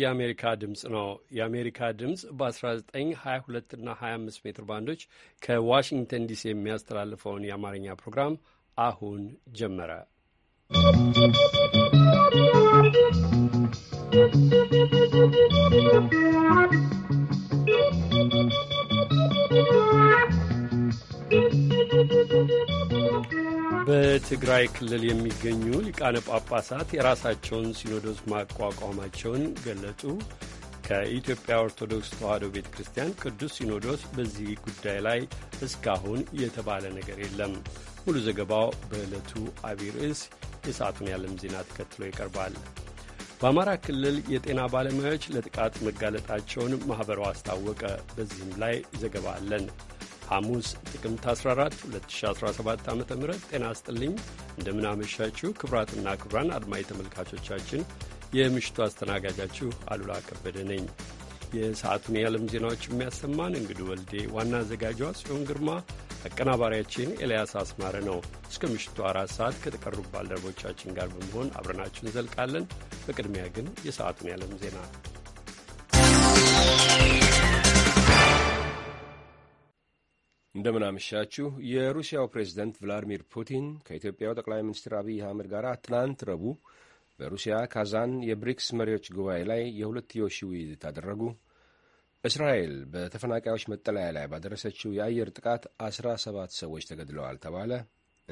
የአሜሪካ ድምፅ ነው። የአሜሪካ ድምፅ በ1922 እና 25 ሜትር ባንዶች ከዋሽንግተን ዲሲ የሚያስተላልፈውን የአማርኛ ፕሮግራም አሁን ጀመረ። ¶¶ በትግራይ ክልል የሚገኙ ሊቃነ ጳጳሳት የራሳቸውን ሲኖዶስ ማቋቋማቸውን ገለጹ። ከኢትዮጵያ ኦርቶዶክስ ተዋሕዶ ቤተ ክርስቲያን ቅዱስ ሲኖዶስ በዚህ ጉዳይ ላይ እስካሁን የተባለ ነገር የለም። ሙሉ ዘገባው በዕለቱ አቢይ ርዕስ የሰዓቱን የዓለም ዜና ተከትሎ ይቀርባል። በአማራ ክልል የጤና ባለሙያዎች ለጥቃት መጋለጣቸውን ማኅበሩ አስታወቀ። በዚህም ላይ ዘገባ አለን። ሐሙስ ጥቅምት 14 2017 ዓ ም ጤና ይስጥልኝ። እንደምናመሻችሁ ክብራትና ክብራን አድማጭ ተመልካቾቻችን የምሽቱ አስተናጋጃችሁ አሉላ ከበደ ነኝ። የሰዓቱን የዓለም ዜናዎች የሚያሰማን እንግዲህ ወልዴ፣ ዋና አዘጋጇ ጽዮን ግርማ፣ አቀናባሪያችን ኤልያስ አስማረ ነው። እስከ ምሽቱ አራት ሰዓት ከተቀሩ ባልደረቦቻችን ጋር በመሆን አብረናችሁ እንዘልቃለን። በቅድሚያ ግን የሰዓቱን የዓለም ዜና እንደምናመሻችሁ የሩሲያው ፕሬዝደንት ቭላዲሚር ፑቲን ከኢትዮጵያው ጠቅላይ ሚኒስትር አብይ አህመድ ጋር ትናንት ረቡዕ በሩሲያ ካዛን የብሪክስ መሪዎች ጉባኤ ላይ የሁለትዮሽ ውይይት አደረጉ። እስራኤል በተፈናቃዮች መጠለያ ላይ ባደረሰችው የአየር ጥቃት 17 ሰዎች ተገድለዋል ተባለ።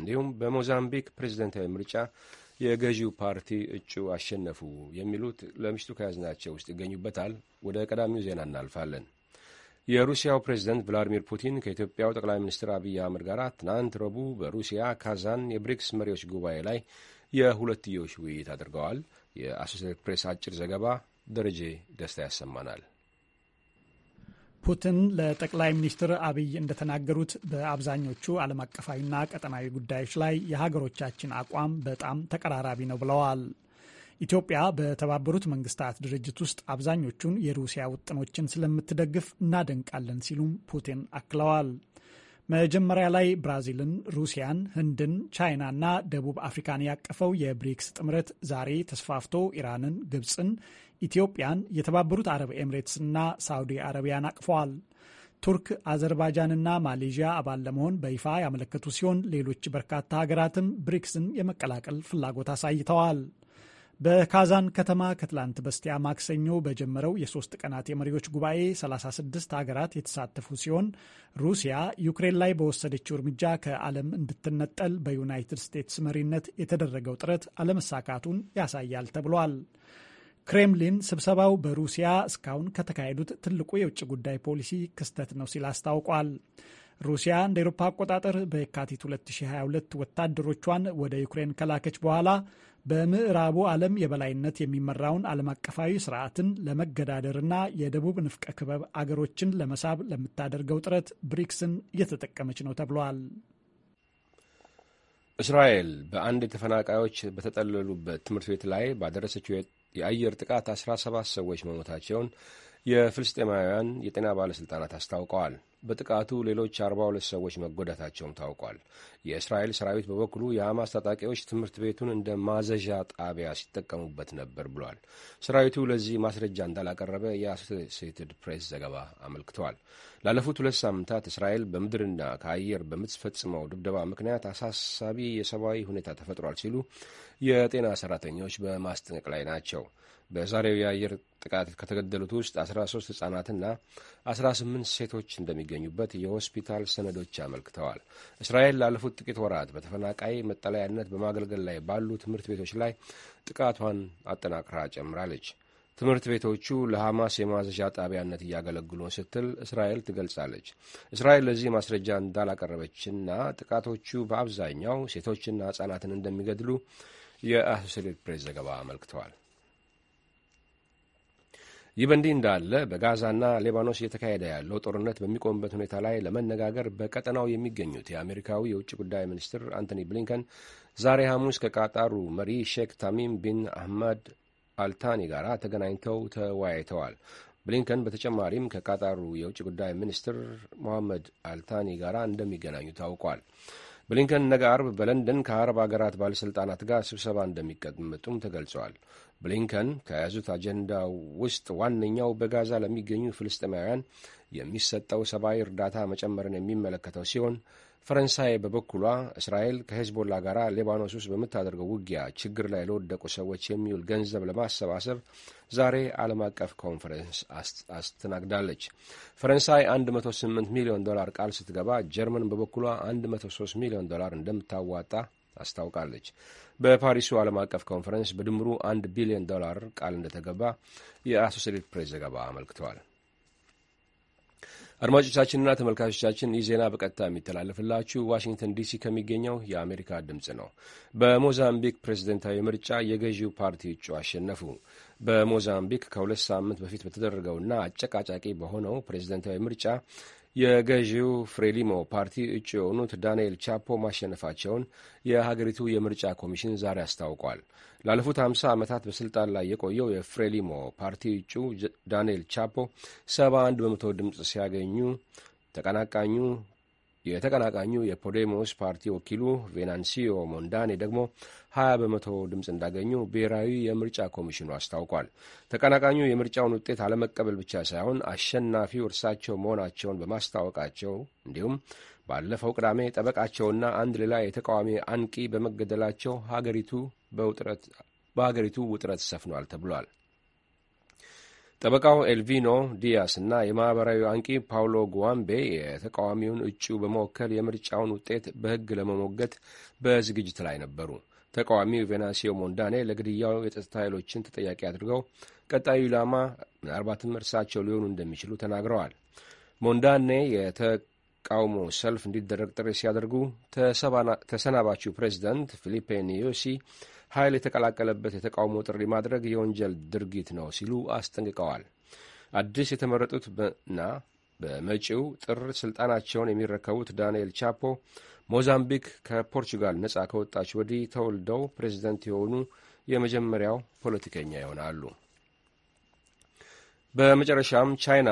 እንዲሁም በሞዛምቢክ ፕሬዝደንታዊ ምርጫ የገዢው ፓርቲ እጩ አሸነፉ የሚሉት ለምሽቱ ከያዝናቸው ውስጥ ይገኙበታል። ወደ ቀዳሚው ዜና እናልፋለን። የሩሲያው ፕሬዚደንት ቭላዲሚር ፑቲን ከኢትዮጵያው ጠቅላይ ሚኒስትር አብይ አህመድ ጋር ትናንት ረቡዕ በሩሲያ ካዛን የብሪክስ መሪዎች ጉባኤ ላይ የሁለትዮሽ ውይይት አድርገዋል። የአሶሴትድ ፕሬስ አጭር ዘገባ ደረጀ ደስታ ያሰማናል። ፑቲን ለጠቅላይ ሚኒስትር አብይ እንደተናገሩት በአብዛኞቹ ዓለም አቀፋዊና ቀጠናዊ ጉዳዮች ላይ የሀገሮቻችን አቋም በጣም ተቀራራቢ ነው ብለዋል። ኢትዮጵያ በተባበሩት መንግስታት ድርጅት ውስጥ አብዛኞቹን የሩሲያ ውጥኖችን ስለምትደግፍ እናደንቃለን ሲሉም ፑቲን አክለዋል። መጀመሪያ ላይ ብራዚልን፣ ሩሲያን፣ ህንድን፣ ቻይናና ደቡብ አፍሪካን ያቀፈው የብሪክስ ጥምረት ዛሬ ተስፋፍቶ ኢራንን፣ ግብፅን፣ ኢትዮጵያን፣ የተባበሩት አረብ ኤምሬትስና ሳውዲ አረቢያን አቅፈዋል። ቱርክ፣ አዘርባይጃንና ማሌዥያ አባል ለመሆን በይፋ ያመለከቱ ሲሆን ሌሎች በርካታ ሀገራትም ብሪክስን የመቀላቀል ፍላጎት አሳይተዋል። በካዛን ከተማ ከትላንት በስቲያ ማክሰኞ በጀመረው የሶስት ቀናት የመሪዎች ጉባኤ 36 ሀገራት የተሳተፉ ሲሆን ሩሲያ ዩክሬን ላይ በወሰደችው እርምጃ ከዓለም እንድትነጠል በዩናይትድ ስቴትስ መሪነት የተደረገው ጥረት አለመሳካቱን ያሳያል ተብሏል። ክሬምሊን ስብሰባው በሩሲያ እስካሁን ከተካሄዱት ትልቁ የውጭ ጉዳይ ፖሊሲ ክስተት ነው ሲል አስታውቋል። ሩሲያ እንደ ኤሮፓ አቆጣጠር በየካቲት 2022 ወታደሮቿን ወደ ዩክሬን ከላከች በኋላ በምዕራቡ ዓለም የበላይነት የሚመራውን ዓለም አቀፋዊ ስርዓትን ለመገዳደርና የደቡብ ንፍቀ ክበብ አገሮችን ለመሳብ ለምታደርገው ጥረት ብሪክስን እየተጠቀመች ነው ተብሏል። እስራኤል በአንድ ተፈናቃዮች በተጠለሉበት ትምህርት ቤት ላይ ባደረሰችው የአየር ጥቃት 17 ሰዎች መሞታቸውን የፍልስጤማውያን የጤና ባለሥልጣናት አስታውቀዋል። በጥቃቱ ሌሎች 42 ሰዎች መጎዳታቸውም ታውቋል። የእስራኤል ሰራዊት በበኩሉ የሐማስ ታጣቂዎች ትምህርት ቤቱን እንደ ማዘዣ ጣቢያ ሲጠቀሙበት ነበር ብሏል። ሰራዊቱ ለዚህ ማስረጃ እንዳላቀረበ የአሶሴትድ ፕሬስ ዘገባ አመልክተዋል። ላለፉት ሁለት ሳምንታት እስራኤል በምድርና ከአየር በምትፈጽመው ድብደባ ምክንያት አሳሳቢ የሰብአዊ ሁኔታ ተፈጥሯል ሲሉ የጤና ሰራተኞች በማስጠንቀቅ ላይ ናቸው። በዛሬው የአየር ጥቃት ከተገደሉት ውስጥ 13 ሕጻናትና 18 ሴቶች እንደሚገኙበት የሆስፒታል ሰነዶች አመልክተዋል። እስራኤል ላለፉት ጥቂት ወራት በተፈናቃይ መጠለያነት በማገልገል ላይ ባሉ ትምህርት ቤቶች ላይ ጥቃቷን አጠናክራ ጨምራለች። ትምህርት ቤቶቹ ለሐማስ የማዘዣ ጣቢያነት እያገለግሉ ስትል እስራኤል ትገልጻለች። እስራኤል ለዚህ ማስረጃ እንዳላቀረበችና ጥቃቶቹ በአብዛኛው ሴቶችና ሕጻናትን እንደሚገድሉ የአሶሴትድ ፕሬስ ዘገባ አመልክተዋል። ይህ በእንዲህ እንዳለ በጋዛና ሌባኖስ እየተካሄደ ያለው ጦርነት በሚቆምበት ሁኔታ ላይ ለመነጋገር በቀጠናው የሚገኙት የአሜሪካዊ የውጭ ጉዳይ ሚኒስትር አንቶኒ ብሊንከን ዛሬ ሐሙስ ከቃጣሩ መሪ ሼክ ታሚም ቢን አህመድ አልታኒ ጋር ተገናኝተው ተወያይተዋል። ብሊንከን በተጨማሪም ከቃጣሩ የውጭ ጉዳይ ሚኒስትር ሞሐመድ አልታኒ ጋር እንደሚገናኙ ታውቋል። ብሊንከን ነገ አርብ በለንደን ከአረብ አገራት ባለሥልጣናት ጋር ስብሰባ እንደሚቀመጡም ተገልጸዋል። ብሊንከን ከያዙት አጀንዳ ውስጥ ዋነኛው በጋዛ ለሚገኙ ፍልስጤማውያን የሚሰጠው ሰብአዊ እርዳታ መጨመርን የሚመለከተው ሲሆን ፈረንሳይ በበኩሏ እስራኤል ከሄዝቦላ ጋር ሌባኖስ ውስጥ በምታደርገው ውጊያ ችግር ላይ ለወደቁ ሰዎች የሚውል ገንዘብ ለማሰባሰብ ዛሬ ዓለም አቀፍ ኮንፈረንስ አስተናግዳለች። ፈረንሳይ 108 ሚሊዮን ዶላር ቃል ስትገባ ጀርመን በበኩሏ 103 ሚሊዮን ዶላር እንደምታዋጣ አስታውቃለች። በፓሪሱ ዓለም አቀፍ ኮንፈረንስ በድምሩ 1 ቢሊዮን ዶላር ቃል እንደተገባ የአሶሴትድ ፕሬስ ዘገባ አመልክተዋል። አድማጮቻችንና ተመልካቾቻችን ይህ ዜና በቀጥታ የሚተላለፍላችሁ ዋሽንግተን ዲሲ ከሚገኘው የአሜሪካ ድምፅ ነው። በሞዛምቢክ ፕሬዝደንታዊ ምርጫ የገዢው ፓርቲ እጩ አሸነፉ። በሞዛምቢክ ከሁለት ሳምንት በፊት በተደረገውና አጨቃጫቂ በሆነው ፕሬዝደንታዊ ምርጫ የገዢው ፍሬሊሞ ፓርቲ እጩ የሆኑት ዳንኤል ቻፖ ማሸነፋቸውን የሀገሪቱ የምርጫ ኮሚሽን ዛሬ አስታውቋል። ላለፉት 50 ዓመታት በስልጣን ላይ የቆየው የፍሬሊሞ ፓርቲ እጩ ዳንኤል ቻፖ 71 በመቶ ድምፅ ሲያገኙ ተቀናቃኙ የተቀናቃኙ የፖዴሞስ ፓርቲ ወኪሉ ቬናንሲዮ ሞንዳኔ ደግሞ 20 በመቶ ድምፅ እንዳገኙ ብሔራዊ የምርጫ ኮሚሽኑ አስታውቋል። ተቀናቃኙ የምርጫውን ውጤት አለመቀበል ብቻ ሳይሆን አሸናፊው እርሳቸው መሆናቸውን በማስታወቃቸው እንዲሁም ባለፈው ቅዳሜ ጠበቃቸውና አንድ ሌላ የተቃዋሚ አንቂ በመገደላቸው በሀገሪቱ ውጥረት ሰፍኗል ተብሏል። ጠበቃው ኤልቪኖ ዲያስ እና የማኅበራዊ አንቂ ፓውሎ ጉዋምቤ የተቃዋሚውን እጩ በመወከል የምርጫውን ውጤት በሕግ ለመሞገት በዝግጅት ላይ ነበሩ። ተቃዋሚው ቬናሲዮ ሞንዳኔ ለግድያው የጸጥታ ኃይሎችን ተጠያቂ አድርገው ቀጣዩ ኢላማ ምናልባትም እርሳቸው ሊሆኑ እንደሚችሉ ተናግረዋል። ሞንዳኔ ቃውሞ ሰልፍ እንዲደረግ ጥሪ ሲያደርጉ ተሰናባቹ ፕሬዚደንት ፊሊፔ ኒዮሲ ኃይል የተቀላቀለበት የተቃውሞ ጥሪ ማድረግ የወንጀል ድርጊት ነው ሲሉ አስጠንቅቀዋል። አዲስ የተመረጡት ና በመጪው ጥር ስልጣናቸውን የሚረከቡት ዳንኤል ቻፖ ሞዛምቢክ ከፖርቹጋል ነጻ ከወጣች ወዲህ ተወልደው ፕሬዚደንት የሆኑ የመጀመሪያው ፖለቲከኛ ይሆናሉ። በመጨረሻም ቻይና፣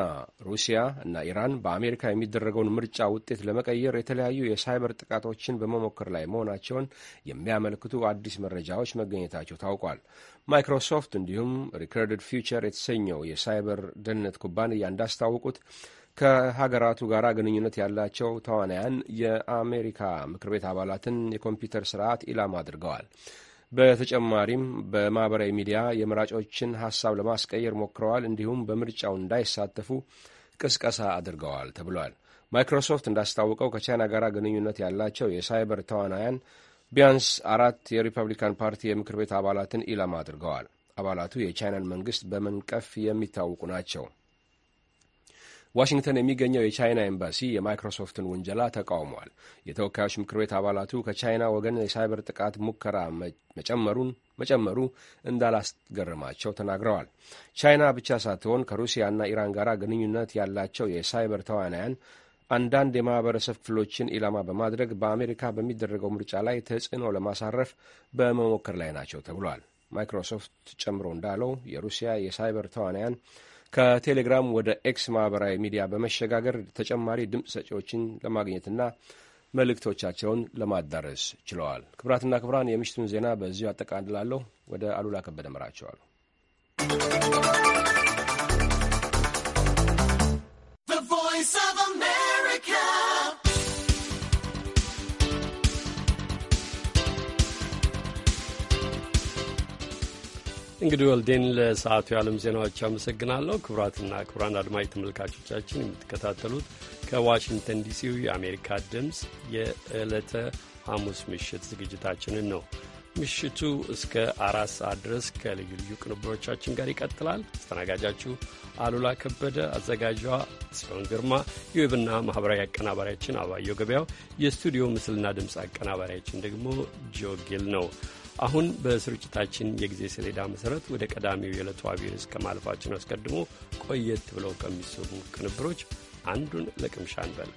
ሩሲያ እና ኢራን በአሜሪካ የሚደረገውን ምርጫ ውጤት ለመቀየር የተለያዩ የሳይበር ጥቃቶችን በመሞከር ላይ መሆናቸውን የሚያመለክቱ አዲስ መረጃዎች መገኘታቸው ታውቋል። ማይክሮሶፍት እንዲሁም ሪከርድድ ፊውቸር የተሰኘው የሳይበር ደህንነት ኩባንያ እንዳስታወቁት ከሀገራቱ ጋር ግንኙነት ያላቸው ተዋናያን የአሜሪካ ምክር ቤት አባላትን የኮምፒውተር ስርዓት ኢላማ አድርገዋል። በተጨማሪም በማኅበራዊ ሚዲያ የመራጮችን ሐሳብ ለማስቀየር ሞክረዋል፣ እንዲሁም በምርጫው እንዳይሳተፉ ቅስቀሳ አድርገዋል ተብሏል። ማይክሮሶፍት እንዳስታወቀው ከቻይና ጋር ግንኙነት ያላቸው የሳይበር ተዋናያን ቢያንስ አራት የሪፐብሊካን ፓርቲ የምክር ቤት አባላትን ኢላማ አድርገዋል። አባላቱ የቻይናን መንግሥት በመንቀፍ የሚታወቁ ናቸው። ዋሽንግተን የሚገኘው የቻይና ኤምባሲ የማይክሮሶፍትን ውንጀላ ተቃውሟል። የተወካዮች ምክር ቤት አባላቱ ከቻይና ወገን የሳይበር ጥቃት ሙከራ መጨመሩን መጨመሩ እንዳላስገረማቸው ተናግረዋል። ቻይና ብቻ ሳትሆን ከሩሲያና ኢራን ጋር ግንኙነት ያላቸው የሳይበር ተዋናያን አንዳንድ የማህበረሰብ ክፍሎችን ኢላማ በማድረግ በአሜሪካ በሚደረገው ምርጫ ላይ ተጽዕኖ ለማሳረፍ በመሞከር ላይ ናቸው ተብሏል። ማይክሮሶፍት ጨምሮ እንዳለው የሩሲያ የሳይበር ተዋናያን ከቴሌግራም ወደ ኤክስ ማህበራዊ ሚዲያ በመሸጋገር ተጨማሪ ድምፅ ሰጪዎችን ለማግኘትና መልእክቶቻቸውን ለማዳረስ ችለዋል። ክብራትና ክብራን፣ የምሽቱን ዜና በዚሁ አጠቃልላለሁ። ወደ አሉላ ከበደ መራቸዋል። እንግዲህ ወልዴን ለሰዓቱ የዓለም ዜናዎች አመሰግናለሁ። ክቡራትና ክቡራን አድማጭ ተመልካቾቻችን የምትከታተሉት ከዋሽንግተን ዲሲው የአሜሪካ ድምፅ የዕለተ ሐሙስ ምሽት ዝግጅታችንን ነው። ምሽቱ እስከ አራት ሰዓት ድረስ ከልዩ ልዩ ቅንብሮቻችን ጋር ይቀጥላል። አስተናጋጃችሁ አሉላ ከበደ፣ አዘጋጇ ጽዮን ግርማ፣ የዌብና ማኅበራዊ አቀናባሪያችን አባየው ገበያው፣ የስቱዲዮ ምስልና ድምፅ አቀናባሪያችን ደግሞ ጆጊል ነው። አሁን በስርጭታችን የጊዜ ሰሌዳ መሰረት ወደ ቀዳሚው የዕለቱ አቢርስ ከማለፋችን አስቀድሞ ቆየት ብለው ከሚሰሩ ቅንብሮች አንዱን ለቅምሻ እንበል።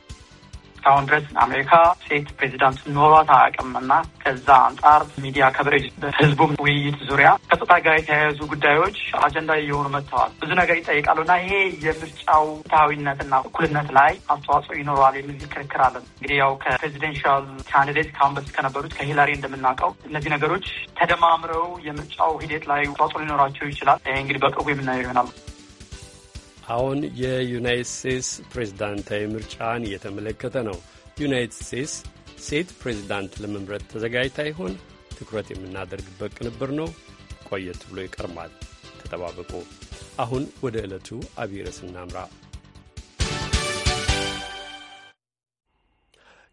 እስካሁን ድረስ አሜሪካ ሴት ፕሬዚዳንት ኖሯት አያውቅም እና ከዛ አንጻር ሚዲያ ከብሬጅ በህዝቡም ውይይት ዙሪያ ከጾታ ጋር የተያያዙ ጉዳዮች አጀንዳ እየሆኑ መጥተዋል። ብዙ ነገር ይጠይቃሉ እና ይሄ የምርጫው ፍትሐዊነትና እኩልነት ላይ አስተዋጽኦ ይኖረዋል የሚል ክርክር አለን። እንግዲህ ያው ከፕሬዚደንሻል ካንዲዴት ከአሁን በፊት ከነበሩት ከሂላሪ እንደምናውቀው እነዚህ ነገሮች ተደማምረው የምርጫው ሂደት ላይ አስተዋጽኦ ሊኖራቸው ይችላል። ይሄ እንግዲህ በቅርቡ የምናየው ይሆናል። አሁን የዩናይትድ ስቴትስ ፕሬዝዳንታዊ ምርጫን እየተመለከተ ነው። ዩናይትድ ስቴትስ ሴት ፕሬዝዳንት ለመምረጥ ተዘጋጅታ ይሆን? ትኩረት የምናደርግበት ቅንብር ነው። ቆየት ብሎ ይቀርማል። ተጠባበቁ። አሁን ወደ ዕለቱ አብይ ርዕስ እናምራ።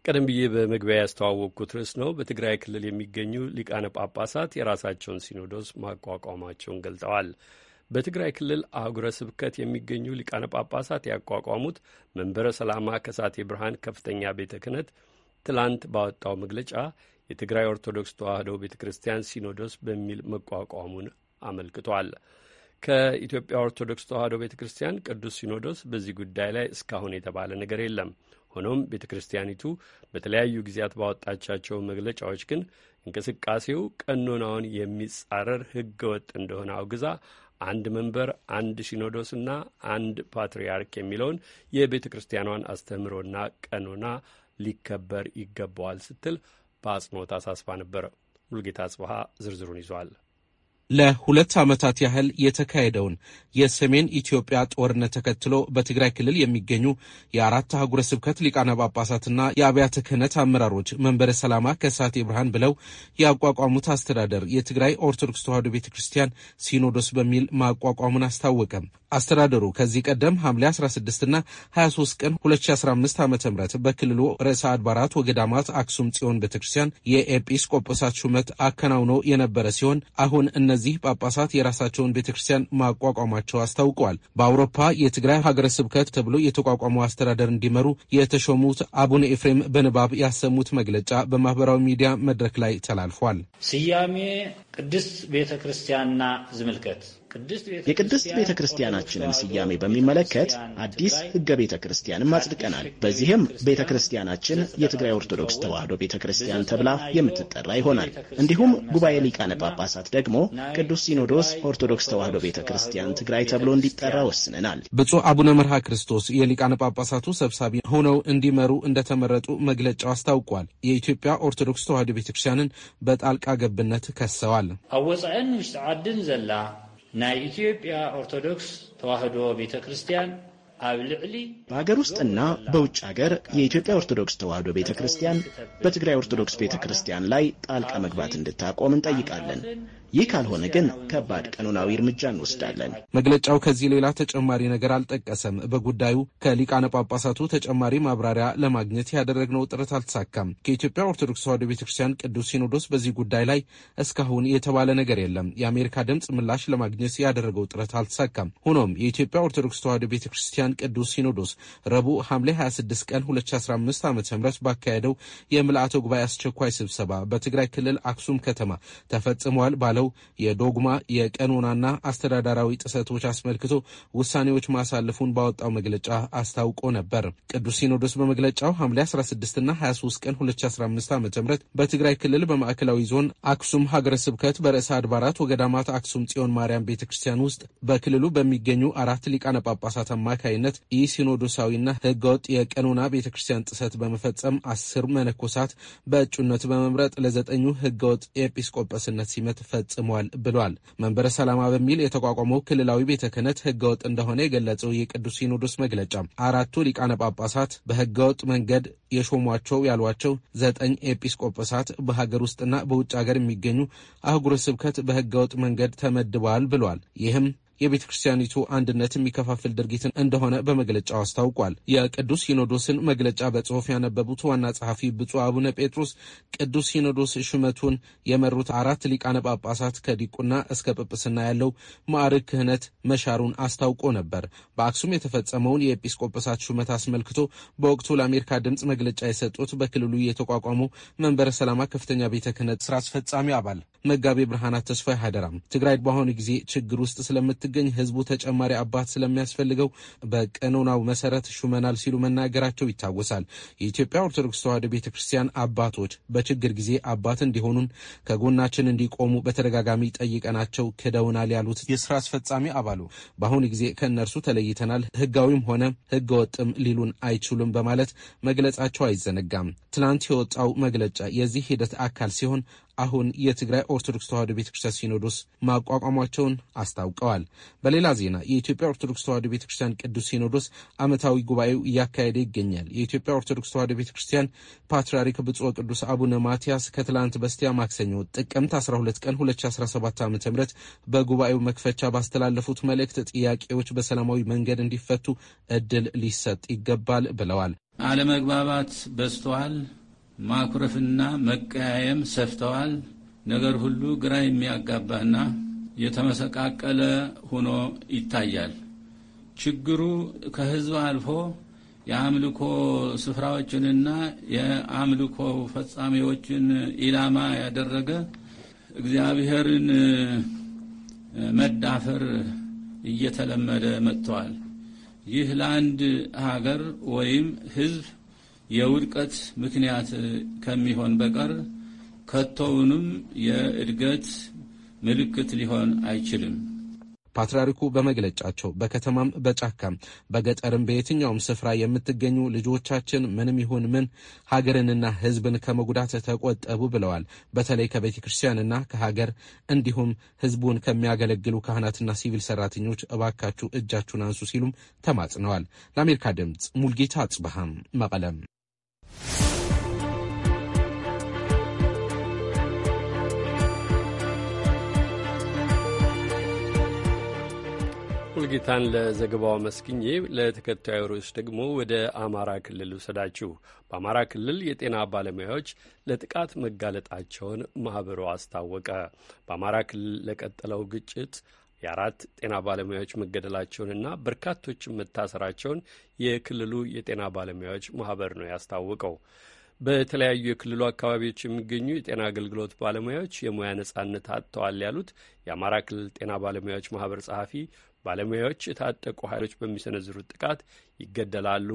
ቀደም ብዬ በመግቢያ ያስተዋወቅኩት ርዕስ ነው። በትግራይ ክልል የሚገኙ ሊቃነ ጳጳሳት የራሳቸውን ሲኖዶስ ማቋቋማቸውን ገልጠዋል። በትግራይ ክልል አህጉረ ስብከት የሚገኙ ሊቃነ ጳጳሳት ያቋቋሙት መንበረ ሰላማ ከሳቴ ብርሃን ከፍተኛ ቤተ ክህነት ትላንት ባወጣው መግለጫ የትግራይ ኦርቶዶክስ ተዋሕዶ ቤተ ክርስቲያን ሲኖዶስ በሚል መቋቋሙን አመልክቷል። ከኢትዮጵያ ኦርቶዶክስ ተዋሕዶ ቤተ ክርስቲያን ቅዱስ ሲኖዶስ በዚህ ጉዳይ ላይ እስካሁን የተባለ ነገር የለም። ሆኖም ቤተ ክርስቲያኒቱ በተለያዩ ጊዜያት ባወጣቻቸው መግለጫዎች ግን እንቅስቃሴው ቀኖናውን የሚጻረር ሕገ ወጥ እንደሆነ አውግዛ አንድ መንበር፣ አንድ ሲኖዶስና አንድ ፓትርያርክ የሚለውን የቤተ ክርስቲያኗን አስተምህሮና ቀኖና ሊከበር ይገባዋል ስትል በአጽንኦት አሳስባ ነበር። ሙልጌታ አጽብሃ ዝርዝሩን ይዟል። ለሁለት ዓመታት ያህል የተካሄደውን የሰሜን ኢትዮጵያ ጦርነት ተከትሎ በትግራይ ክልል የሚገኙ የአራት አህጉረ ስብከት ሊቃነ ጳጳሳትና የአብያተ ክህነት አመራሮች መንበረ ሰላማ ከሳቴ ብርሃን ብለው ያቋቋሙት አስተዳደር የትግራይ ኦርቶዶክስ ተዋሕዶ ቤተ ክርስቲያን ሲኖዶስ በሚል ማቋቋሙን አስታወቀም። አስተዳደሩ ከዚህ ቀደም ሐምሌ 16ና 23 ቀን 2015 ዓ ም በክልሉ ርዕሰ አድባራት ወገዳማት አክሱም ጽዮን ቤተ ክርስቲያን የኤጲስቆጶሳት ሹመት አከናውኖ የነበረ ሲሆን አሁን እነ እነዚህ ጳጳሳት የራሳቸውን ቤተ ክርስቲያን ማቋቋማቸው አስታውቀዋል። በአውሮፓ የትግራይ ሀገረ ስብከት ተብሎ የተቋቋመው አስተዳደር እንዲመሩ የተሾሙት አቡነ ኤፍሬም በንባብ ያሰሙት መግለጫ በማህበራዊ ሚዲያ መድረክ ላይ ተላልፏል። ስያሜ ቅድስት ቤተ ክርስቲያንና ዝምልከት የቅድስት ቤተ ክርስቲያናችንን ስያሜ በሚመለከት አዲስ ሕገ ቤተ ክርስቲያንም አጽድቀናል። በዚህም ቤተ ክርስቲያናችን የትግራይ ኦርቶዶክስ ተዋሕዶ ቤተ ክርስቲያን ተብላ የምትጠራ ይሆናል። እንዲሁም ጉባኤ ሊቃነ ጳጳሳት ደግሞ ቅዱስ ሲኖዶስ ኦርቶዶክስ ተዋሕዶ ቤተ ክርስቲያን ትግራይ ተብሎ እንዲጠራ ወስነናል። ብፁዕ አቡነ መርሃ ክርስቶስ የሊቃነ ጳጳሳቱ ሰብሳቢ ሆነው እንዲመሩ እንደተመረጡ መግለጫው አስታውቋል። የኢትዮጵያ ኦርቶዶክስ ተዋሕዶ ቤተ ክርስቲያንን በጣልቃ ገብነት ከሰዋል። እናመሰግናለን። አወፃአን ውሽጢ ዓድን ዘላ ናይ ኢትዮጵያ ኦርቶዶክስ ተዋህዶ ቤተ ክርስቲያን ኣብ ልዕሊ በሀገር ውስጥና በውጭ ሀገር የኢትዮጵያ ኦርቶዶክስ ተዋህዶ ቤተ ክርስቲያን በትግራይ ኦርቶዶክስ ቤተ ክርስቲያን ላይ ጣልቃ መግባት እንድታቆም እንጠይቃለን። ይህ ካልሆነ ግን ከባድ ቀኖናዊ እርምጃ እንወስዳለን። መግለጫው ከዚህ ሌላ ተጨማሪ ነገር አልጠቀሰም። በጉዳዩ ከሊቃነ ጳጳሳቱ ተጨማሪ ማብራሪያ ለማግኘት ያደረግነው ጥረት አልተሳካም። ከኢትዮጵያ ኦርቶዶክስ ተዋሕዶ ቤተክርስቲያን ቅዱስ ሲኖዶስ በዚህ ጉዳይ ላይ እስካሁን የተባለ ነገር የለም። የአሜሪካ ድምፅ ምላሽ ለማግኘት ያደረገው ጥረት አልተሳካም። ሆኖም የኢትዮጵያ ኦርቶዶክስ ተዋሕዶ ቤተክርስቲያን ቅዱስ ሲኖዶስ ረቡዕ ሐምሌ 26 ቀን 2015 ዓ ም ባካሄደው የምልአተ ጉባኤ አስቸኳይ ስብሰባ በትግራይ ክልል አክሱም ከተማ ተፈጽመዋል ባለ የተባለው የዶግማ የቀኖናና አስተዳደራዊ ጥሰቶች አስመልክቶ ውሳኔዎች ማሳለፉን ባወጣው መግለጫ አስታውቆ ነበር። ቅዱስ ሲኖዶስ በመግለጫው ሐምሌ 16ና 23 ቀን 2015 ዓ ም በትግራይ ክልል በማዕከላዊ ዞን አክሱም ሀገረ ስብከት በርዕሰ አድባራት ወገዳማት አክሱም ጽዮን ማርያም ቤተ ክርስቲያን ውስጥ በክልሉ በሚገኙ አራት ሊቃነ ጳጳሳት አማካይነት ኢ ሲኖዶሳዊና ህገወጥ የቀኖና ቤተ ክርስቲያን ጥሰት በመፈጸም አስር መነኮሳት በእጩነት በመምረጥ ለዘጠኙ ህገወጥ ኤጲስቆጶስነት ሲመት ፈጽሟል ብሏል። መንበረ ሰላማ በሚል የተቋቋመው ክልላዊ ቤተ ክህነት ህገወጥ እንደሆነ የገለጸው የቅዱስ ሲኖዶስ መግለጫ አራቱ ሊቃነ ጳጳሳት በህገወጥ መንገድ የሾሟቸው ያሏቸው ዘጠኝ ኤጲስቆጶሳት በሀገር ውስጥና በውጭ ሀገር የሚገኙ አህጉረ ስብከት በህገወጥ መንገድ ተመድበዋል ብሏል። ይህም የቤተ ክርስቲያኒቱ አንድነት የሚከፋፍል ድርጊት እንደሆነ በመግለጫው አስታውቋል። የቅዱስ ሲኖዶስን መግለጫ በጽሑፍ ያነበቡት ዋና ጸሐፊ ብፁዕ አቡነ ጴጥሮስ ቅዱስ ሲኖዶስ ሹመቱን የመሩት አራት ሊቃነ ጳጳሳት ከዲቁና እስከ ጵጵስና ያለው ማዕርግ ክህነት መሻሩን አስታውቆ ነበር። በአክሱም የተፈጸመውን የኤጲስቆጶሳት ሹመት አስመልክቶ በወቅቱ ለአሜሪካ ድምፅ መግለጫ የሰጡት በክልሉ የተቋቋሙ መንበረ ሰላማ ከፍተኛ ቤተ ክህነት ስራ አስፈጻሚ አባል መጋቤ ብርሃናት ተስፋ ሀይደራም ትግራይ በአሁኑ ጊዜ ችግር ውስጥ ስለምት የምትገኝ ህዝቡ ተጨማሪ አባት ስለሚያስፈልገው በቀኖናው መሰረት ሹመናል ሲሉ መናገራቸው ይታወሳል። የኢትዮጵያ ኦርቶዶክስ ተዋህዶ ቤተ ክርስቲያን አባቶች በችግር ጊዜ አባት እንዲሆኑን ከጎናችን እንዲቆሙ በተደጋጋሚ ጠይቀናቸው ክደውናል ያሉት የስራ አስፈጻሚ አባሉ በአሁኑ ጊዜ ከእነርሱ ተለይተናል፣ ህጋዊም ሆነ ህገወጥም ሊሉን አይችሉም በማለት መግለጻቸው አይዘነጋም። ትናንት የወጣው መግለጫ የዚህ ሂደት አካል ሲሆን አሁን የትግራይ ኦርቶዶክስ ተዋሕዶ ቤተ ክርስቲያን ሲኖዶስ ማቋቋሟቸውን አስታውቀዋል። በሌላ ዜና የኢትዮጵያ ኦርቶዶክስ ተዋሕዶ ቤተ ክርስቲያን ቅዱስ ሲኖዶስ ዓመታዊ ጉባኤው እያካሄደ ይገኛል። የኢትዮጵያ ኦርቶዶክስ ተዋሕዶ ቤተ ክርስቲያን ፓትርያርክ ብፁዕ ቅዱስ አቡነ ማትያስ ከትላንት በስቲያ ማክሰኞ ጥቅምት 12 ቀን 2017 ዓ ም በጉባኤው መክፈቻ ባስተላለፉት መልእክት ጥያቄዎች በሰላማዊ መንገድ እንዲፈቱ እድል ሊሰጥ ይገባል ብለዋል። አለመግባባት በዝተዋል። ማኩረፍና መቀያየም ሰፍተዋል። ነገር ሁሉ ግራ የሚያጋባና የተመሰቃቀለ ሆኖ ይታያል። ችግሩ ከህዝብ አልፎ የአምልኮ ስፍራዎችንና የአምልኮ ፈጻሚዎችን ኢላማ ያደረገ እግዚአብሔርን መዳፈር እየተለመደ መጥተዋል። ይህ ለአንድ ሀገር ወይም ህዝብ የውድቀት ምክንያት ከሚሆን በቀር ከቶውንም የእድገት ምልክት ሊሆን አይችልም። ፓትርያርኩ በመግለጫቸው በከተማም በጫካም በገጠርም በየትኛውም ስፍራ የምትገኙ ልጆቻችን ምንም ይሁን ምን ሀገርንና ሕዝብን ከመጉዳት ተቆጠቡ ብለዋል። በተለይ ከቤተ ክርስቲያንና ከሀገር እንዲሁም ሕዝቡን ከሚያገለግሉ ካህናትና ሲቪል ሰራተኞች እባካችሁ እጃችሁን አንሱ ሲሉም ተማጽነዋል። ለአሜሪካ ድምፅ ሙልጌታ አጽበሃም መቀለም ሙልጌታን ለዘገባው አመስግኜ ለተከታዩ ርዕስ ደግሞ ወደ አማራ ክልል ውሰዳችሁ። በአማራ ክልል የጤና ባለሙያዎች ለጥቃት መጋለጣቸውን ማኅበሩ አስታወቀ። በአማራ ክልል ለቀጠለው ግጭት የአራት ጤና ባለሙያዎች መገደላቸውንና በርካቶችን መታሰራቸውን የክልሉ የጤና ባለሙያዎች ማህበር ነው ያስታወቀው። በተለያዩ የክልሉ አካባቢዎች የሚገኙ የጤና አገልግሎት ባለሙያዎች የሙያ ነጻነት አጥተዋል ያሉት የአማራ ክልል ጤና ባለሙያዎች ማህበር ጸሐፊ ባለሙያዎች የታጠቁ ኃይሎች በሚሰነዝሩት ጥቃት ይገደላሉ፣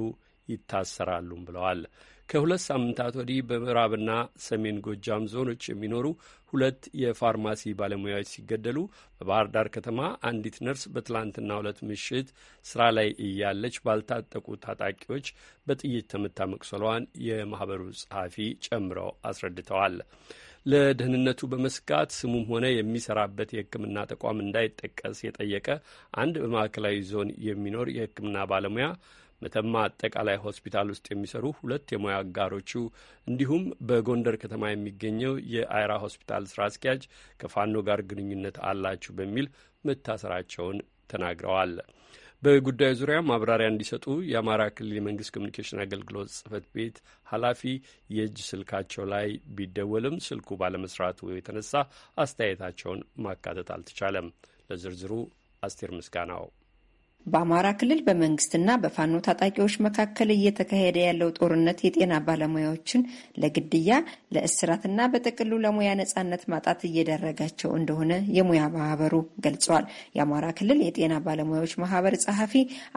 ይታሰራሉም ብለዋል። ከሁለት ሳምንታት ወዲህ በምዕራብና ሰሜን ጎጃም ዞኖች የሚኖሩ ሁለት የፋርማሲ ባለሙያዎች ሲገደሉ በባህር ዳር ከተማ አንዲት ነርስ በትላንትና ሁለት ምሽት ስራ ላይ እያለች ባልታጠቁ ታጣቂዎች በጥይት ተመታ መቁሰሏን የማህበሩ ጸሐፊ ጨምረው አስረድተዋል። ለደህንነቱ በመስጋት ስሙም ሆነ የሚሰራበት የሕክምና ተቋም እንዳይጠቀስ የጠየቀ አንድ በማዕከላዊ ዞን የሚኖር የሕክምና ባለሙያ መተማ አጠቃላይ ሆስፒታል ውስጥ የሚሰሩ ሁለት የሙያ አጋሮቹ እንዲሁም በጎንደር ከተማ የሚገኘው የአይራ ሆስፒታል ስራ አስኪያጅ ከፋኖ ጋር ግንኙነት አላችሁ በሚል መታሰራቸውን ተናግረዋል። በጉዳዩ ዙሪያ ማብራሪያ እንዲሰጡ የአማራ ክልል የመንግስት ኮሚኒኬሽን አገልግሎት ጽህፈት ቤት ኃላፊ የእጅ ስልካቸው ላይ ቢደወልም ስልኩ ባለመስራቱ የተነሳ አስተያየታቸውን ማካተት አልተቻለም። ለዝርዝሩ አስቴር ምስጋናው በአማራ ክልል በመንግስትና በፋኖ ታጣቂዎች መካከል እየተካሄደ ያለው ጦርነት የጤና ባለሙያዎችን ለግድያ ለእስራትና በጥቅሉ ለሙያ ነጻነት ማጣት እየደረጋቸው እንደሆነ የሙያ ማህበሩ ገልጿል። የአማራ ክልል የጤና ባለሙያዎች ማህበር ጸሐፊ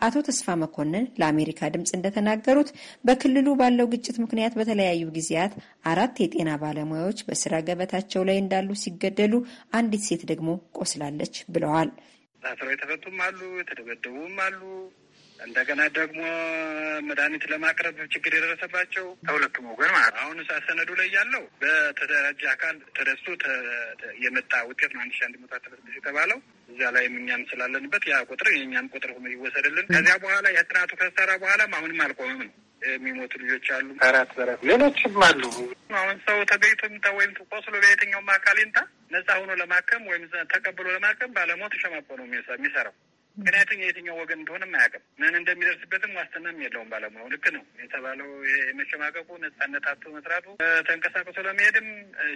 አቶ ተስፋ መኮንን ለአሜሪካ ድምፅ እንደተናገሩት በክልሉ ባለው ግጭት ምክንያት በተለያዩ ጊዜያት አራት የጤና ባለሙያዎች በስራ ገበታቸው ላይ እንዳሉ ሲገደሉ፣ አንዲት ሴት ደግሞ ቆስላለች ብለዋል። ታስረው የተፈቱም አሉ፣ የተደበደቡም አሉ። እንደገና ደግሞ መድኃኒት ለማቅረብ ችግር የደረሰባቸው ከሁለቱም ወገን ማለት ነው። አሁን ሰነዱ ላይ ያለው በተደራጀ አካል ተደስቶ የመጣ ውጤት ነው። አንድ ሺ አንድ መቶ የተባለው እዚያ ላይ እኛም ስላለንበት ያ ቁጥር የእኛም ቁጥር ሆኖ ይወሰድልን። ከዚያ በኋላ የጥናቱ ከተሰራ በኋላም አሁንም አልቆምም ነው የሚሞቱ ልጆች አሉ። አራት በራት ሌሎችም አሉ። አሁን ሰው ተገኝቶ ምታ ወይም ቆስሎ በየትኛውም አካል ይምጣ ነጻ ሆኖ ለማከም ወይም ተቀብሎ ለማከም ባለሞት ሸማቆ ነው የሚሰራው። ምክንያቱም የትኛው ወገን እንደሆነም አያውቅም። ምን እንደሚደርስበትም ዋስትናም የለውም። ባለሙያው ልክ ነው የተባለው የመሸማቀቁ አቶ መስራቱ ተንቀሳቅሶ ለመሄድም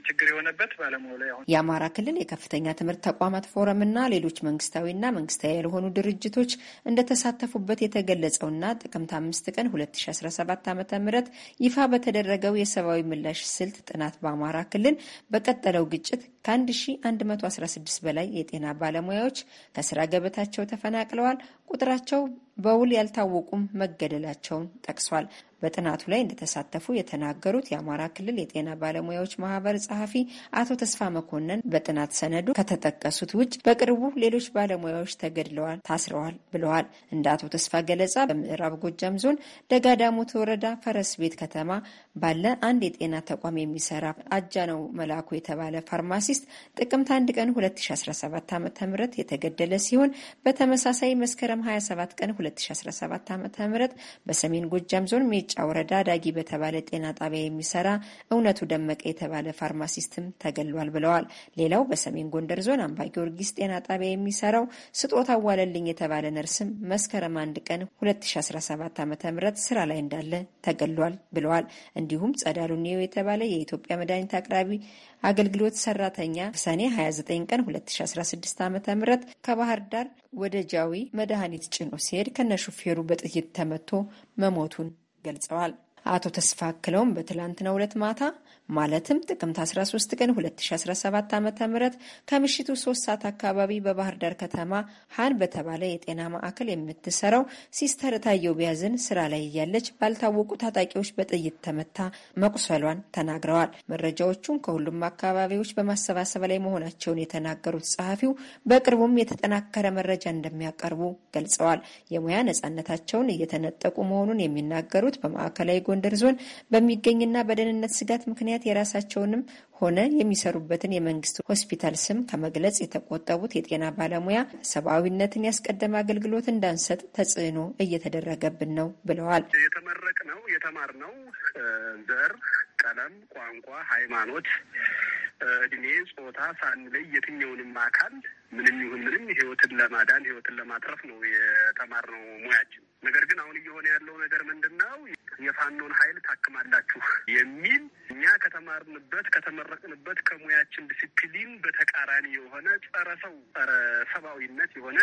ችግር የሆነበት ባለሙያው ላይ አሁን የአማራ ክልል የከፍተኛ ትምህርት ተቋማት ፎረምና ሌሎች መንግስታዊና መንግስታዊ ያልሆኑ ድርጅቶች እንደተሳተፉበት የተገለጸውና ጥቅምት አምስት ቀን ሁለት ሺ አስራ ሰባት ዓመተ ምህረት ይፋ በተደረገው የሰብአዊ ምላሽ ስልት ጥናት በአማራ ክልል በቀጠለው ግጭት ከ1116 በላይ የጤና ባለሙያዎች ከስራ ገበታቸው ተፈናቅለዋል። ቁጥራቸው በውል ያልታወቁም መገደላቸውን ጠቅሷል። በጥናቱ ላይ እንደተሳተፉ የተናገሩት የአማራ ክልል የጤና ባለሙያዎች ማህበር ጸሐፊ አቶ ተስፋ መኮንን በጥናት ሰነዱ ከተጠቀሱት ውጭ በቅርቡ ሌሎች ባለሙያዎች ተገድለዋል፣ ታስረዋል ብለዋል። እንደ አቶ ተስፋ ገለጻ በምዕራብ ጎጃም ዞን ደጋዳሞት ወረዳ ፈረስ ቤት ከተማ ባለ አንድ የጤና ተቋም የሚሰራ አጃ ነው መላኩ የተባለ ፋርማሲስት ጥቅምት አንድ ቀን 2017 ዓ ም የተገደለ ሲሆን በተመሳሳይ መስከረም መስከረም 27 ቀን 2017 ዓ ም በሰሜን ጎጃም ዞን ሜጫ ወረዳ ዳጊ በተባለ ጤና ጣቢያ የሚሰራ እውነቱ ደመቀ የተባለ ፋርማሲስትም ተገሏል ብለዋል። ሌላው በሰሜን ጎንደር ዞን አምባ ጊዮርጊስ ጤና ጣቢያ የሚሰራው ስጦታ ዋለልኝ የተባለ ነርስም መስከረም 1 ቀን 2017 ዓ ም ስራ ላይ እንዳለ ተገሏል ብለዋል። እንዲሁም ጸዳሉ ኔው የተባለ የኢትዮጵያ መድኃኒት አቅራቢ አገልግሎት ሰራተኛ ሰኔ 29 ቀን 2016 ዓ ም ከባህር ዳር ወደ ጃዊ መድኃኒ መድኃኒት ጭኖ ሲሄድ ከነሹፌሩ በጥይት ተመቶ መሞቱን ገልጸዋል። አቶ ተስፋ አክለውም በትላንትናው ዕለት ማታ ማለትም ጥቅምት 13 ቀን 2017 ዓ ም ከምሽቱ 3 ሰዓት አካባቢ በባህር ዳር ከተማ ሀን በተባለ የጤና ማዕከል የምትሰራው ሲስተር ታየው ቢያዝን ስራ ላይ እያለች ባልታወቁ ታጣቂዎች በጥይት ተመታ መቁሰሏን ተናግረዋል። መረጃዎቹን ከሁሉም አካባቢዎች በማሰባሰብ ላይ መሆናቸውን የተናገሩት ጸሐፊው በቅርቡም የተጠናከረ መረጃ እንደሚያቀርቡ ገልጸዋል። የሙያ ነጻነታቸውን እየተነጠቁ መሆኑን የሚናገሩት በማዕከላዊ ጎንደር ዞን በሚገኝና በደህንነት ስጋት ምክንያት ምክንያት የራሳቸውንም ሆነ የሚሰሩበትን የመንግስት ሆስፒታል ስም ከመግለጽ የተቆጠቡት የጤና ባለሙያ ሰብአዊነትን ያስቀደመ አገልግሎት እንዳንሰጥ ተጽዕኖ እየተደረገብን ነው ብለዋል። የተመረቅ ነው የተማር ነው ዘር ቀለም፣ ቋንቋ፣ ሃይማኖት፣ እድሜ፣ ጾታ ሳንለይ የትኛውንም አካል ምንም ይሁን ምንም ህይወትን ለማዳን ህይወትን ለማትረፍ ነው የተማርነው ሙያችን። ነገር ግን አሁን እየሆነ ያለው ነገር ምንድን ነው? የፋኖን ኃይል ታክማላችሁ የሚል እኛ ከተማርንበት ከተመረቅንበት ከሙያችን ዲሲፕሊን በተቃራኒ የሆነ ጸረ ሰው ጸረ ሰብአዊነት የሆነ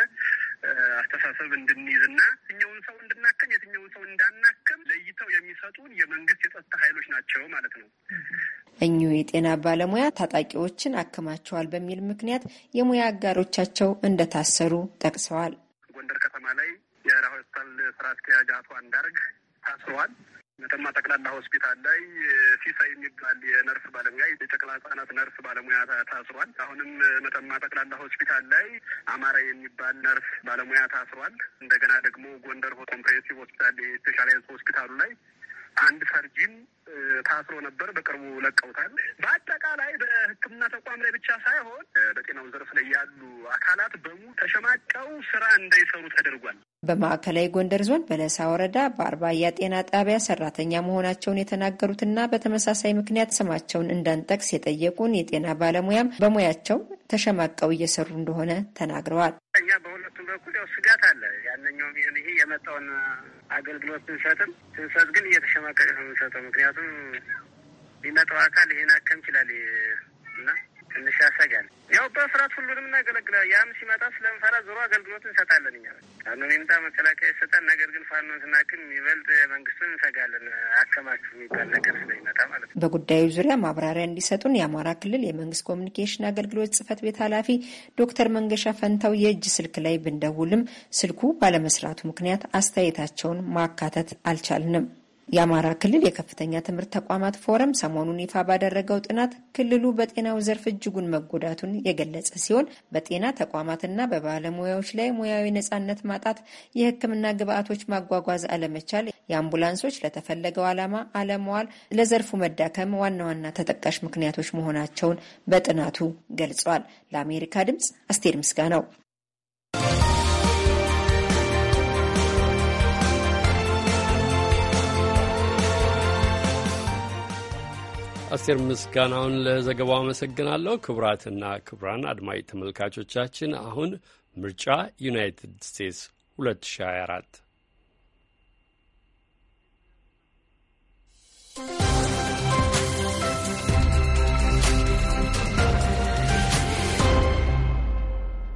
አስተሳሰብ እንድንይዝና የትኛውን ሰው እንድናከም የትኛውን ሰው እንዳናከም ለይተው የሚሰጡን የመንግስት የጸጥታ ኃይሎች ናቸው ማለት ነው። እኚሁ የጤና ባለሙያ ታጣቂዎችን አክማቸዋል በሚል ምክንያት የሙያ አጋሮቻቸው እንደታሰሩ ጠቅሰዋል። ጎንደር ከተማ ላይ ሆስፒታል ስራ አስኪያጅ አቶ አንዳርግ ታስሯል። መተማ ጠቅላላ ሆስፒታል ላይ ሲሳ የሚባል የነርስ ባለሙያ የጨቅላ ህጻናት ነርስ ባለሙያ ታስሯል። አሁንም መተማ ጠቅላላ ሆስፒታል ላይ አማራ የሚባል ነርስ ባለሙያ ታስሯል። እንደገና ደግሞ ጎንደር ኮምፕሬሄንሲቭ ሆስፒታል ስፔሻላይዝ ሆስፒታሉ ላይ አንድ ሰርጂን ታስሮ ነበር። በቅርቡ ለቀውታል። በአጠቃላይ በሕክምና ተቋም ላይ ብቻ ሳይሆን በጤናው ዘርፍ ላይ ያሉ አካላት በሙሉ ተሸማቀው ስራ እንዳይሰሩ ተደርጓል። በማዕከላዊ ጎንደር ዞን በለሳ ወረዳ በአርባያ ጤና ጣቢያ ሰራተኛ መሆናቸውን የተናገሩትና በተመሳሳይ ምክንያት ስማቸውን እንዳንጠቅስ የጠየቁን የጤና ባለሙያም በሙያቸው ተሸማቀው እየሰሩ እንደሆነ ተናግረዋል። በኩል ያው ስጋት አለ። ያንኛውም ይሁን ይሄ የመጣውን አገልግሎት ብንሰጥም ስንሰጥ ግን እየተሸማቀቀ ነው የምንሰጠው። ምክንያቱም ሊመጣው አካል ይሄን አከም ይችላል እና ትንሽ ያሰጋል። ያው በፍርሃት ሁሉንም እናገለግላል። ያም ሲመጣ ስለምፈራ ዞሮ አገልግሎት እንሰጣለን። እኛ ፋኖ የሚመጣ መከላከያ ይሰጣል። ነገር ግን ፋኖን ስናክም ይበልጥ መንግስቱን እንሰጋለን። አከማችሁ የሚባል ነገር ስለሚመጣ ማለት ነው። በጉዳዩ ዙሪያ ማብራሪያ እንዲሰጡን የአማራ ክልል የመንግስት ኮሚኒኬሽን አገልግሎት ጽህፈት ቤት ኃላፊ ዶክተር መንገሻ ፈንታው የእጅ ስልክ ላይ ብንደውልም ስልኩ ባለመስራቱ ምክንያት አስተያየታቸውን ማካተት አልቻልንም። የአማራ ክልል የከፍተኛ ትምህርት ተቋማት ፎረም ሰሞኑን ይፋ ባደረገው ጥናት ክልሉ በጤናው ዘርፍ እጅጉን መጎዳቱን የገለጸ ሲሆን በጤና ተቋማትና በባለሙያዎች ላይ ሙያዊ ነጻነት ማጣት፣ የሕክምና ግብአቶች ማጓጓዝ አለመቻል፣ የአምቡላንሶች ለተፈለገው ዓላማ አለመዋል ለዘርፉ መዳከም ዋና ዋና ተጠቃሽ ምክንያቶች መሆናቸውን በጥናቱ ገልጿል። ለአሜሪካ ድምጽ አስቴር ምስጋ ነው። አስቴር ምስጋናውን ለዘገባው አመሰግናለሁ። ክቡራትና ክቡራን አድማጭ ተመልካቾቻችን አሁን ምርጫ ዩናይትድ ስቴትስ 2024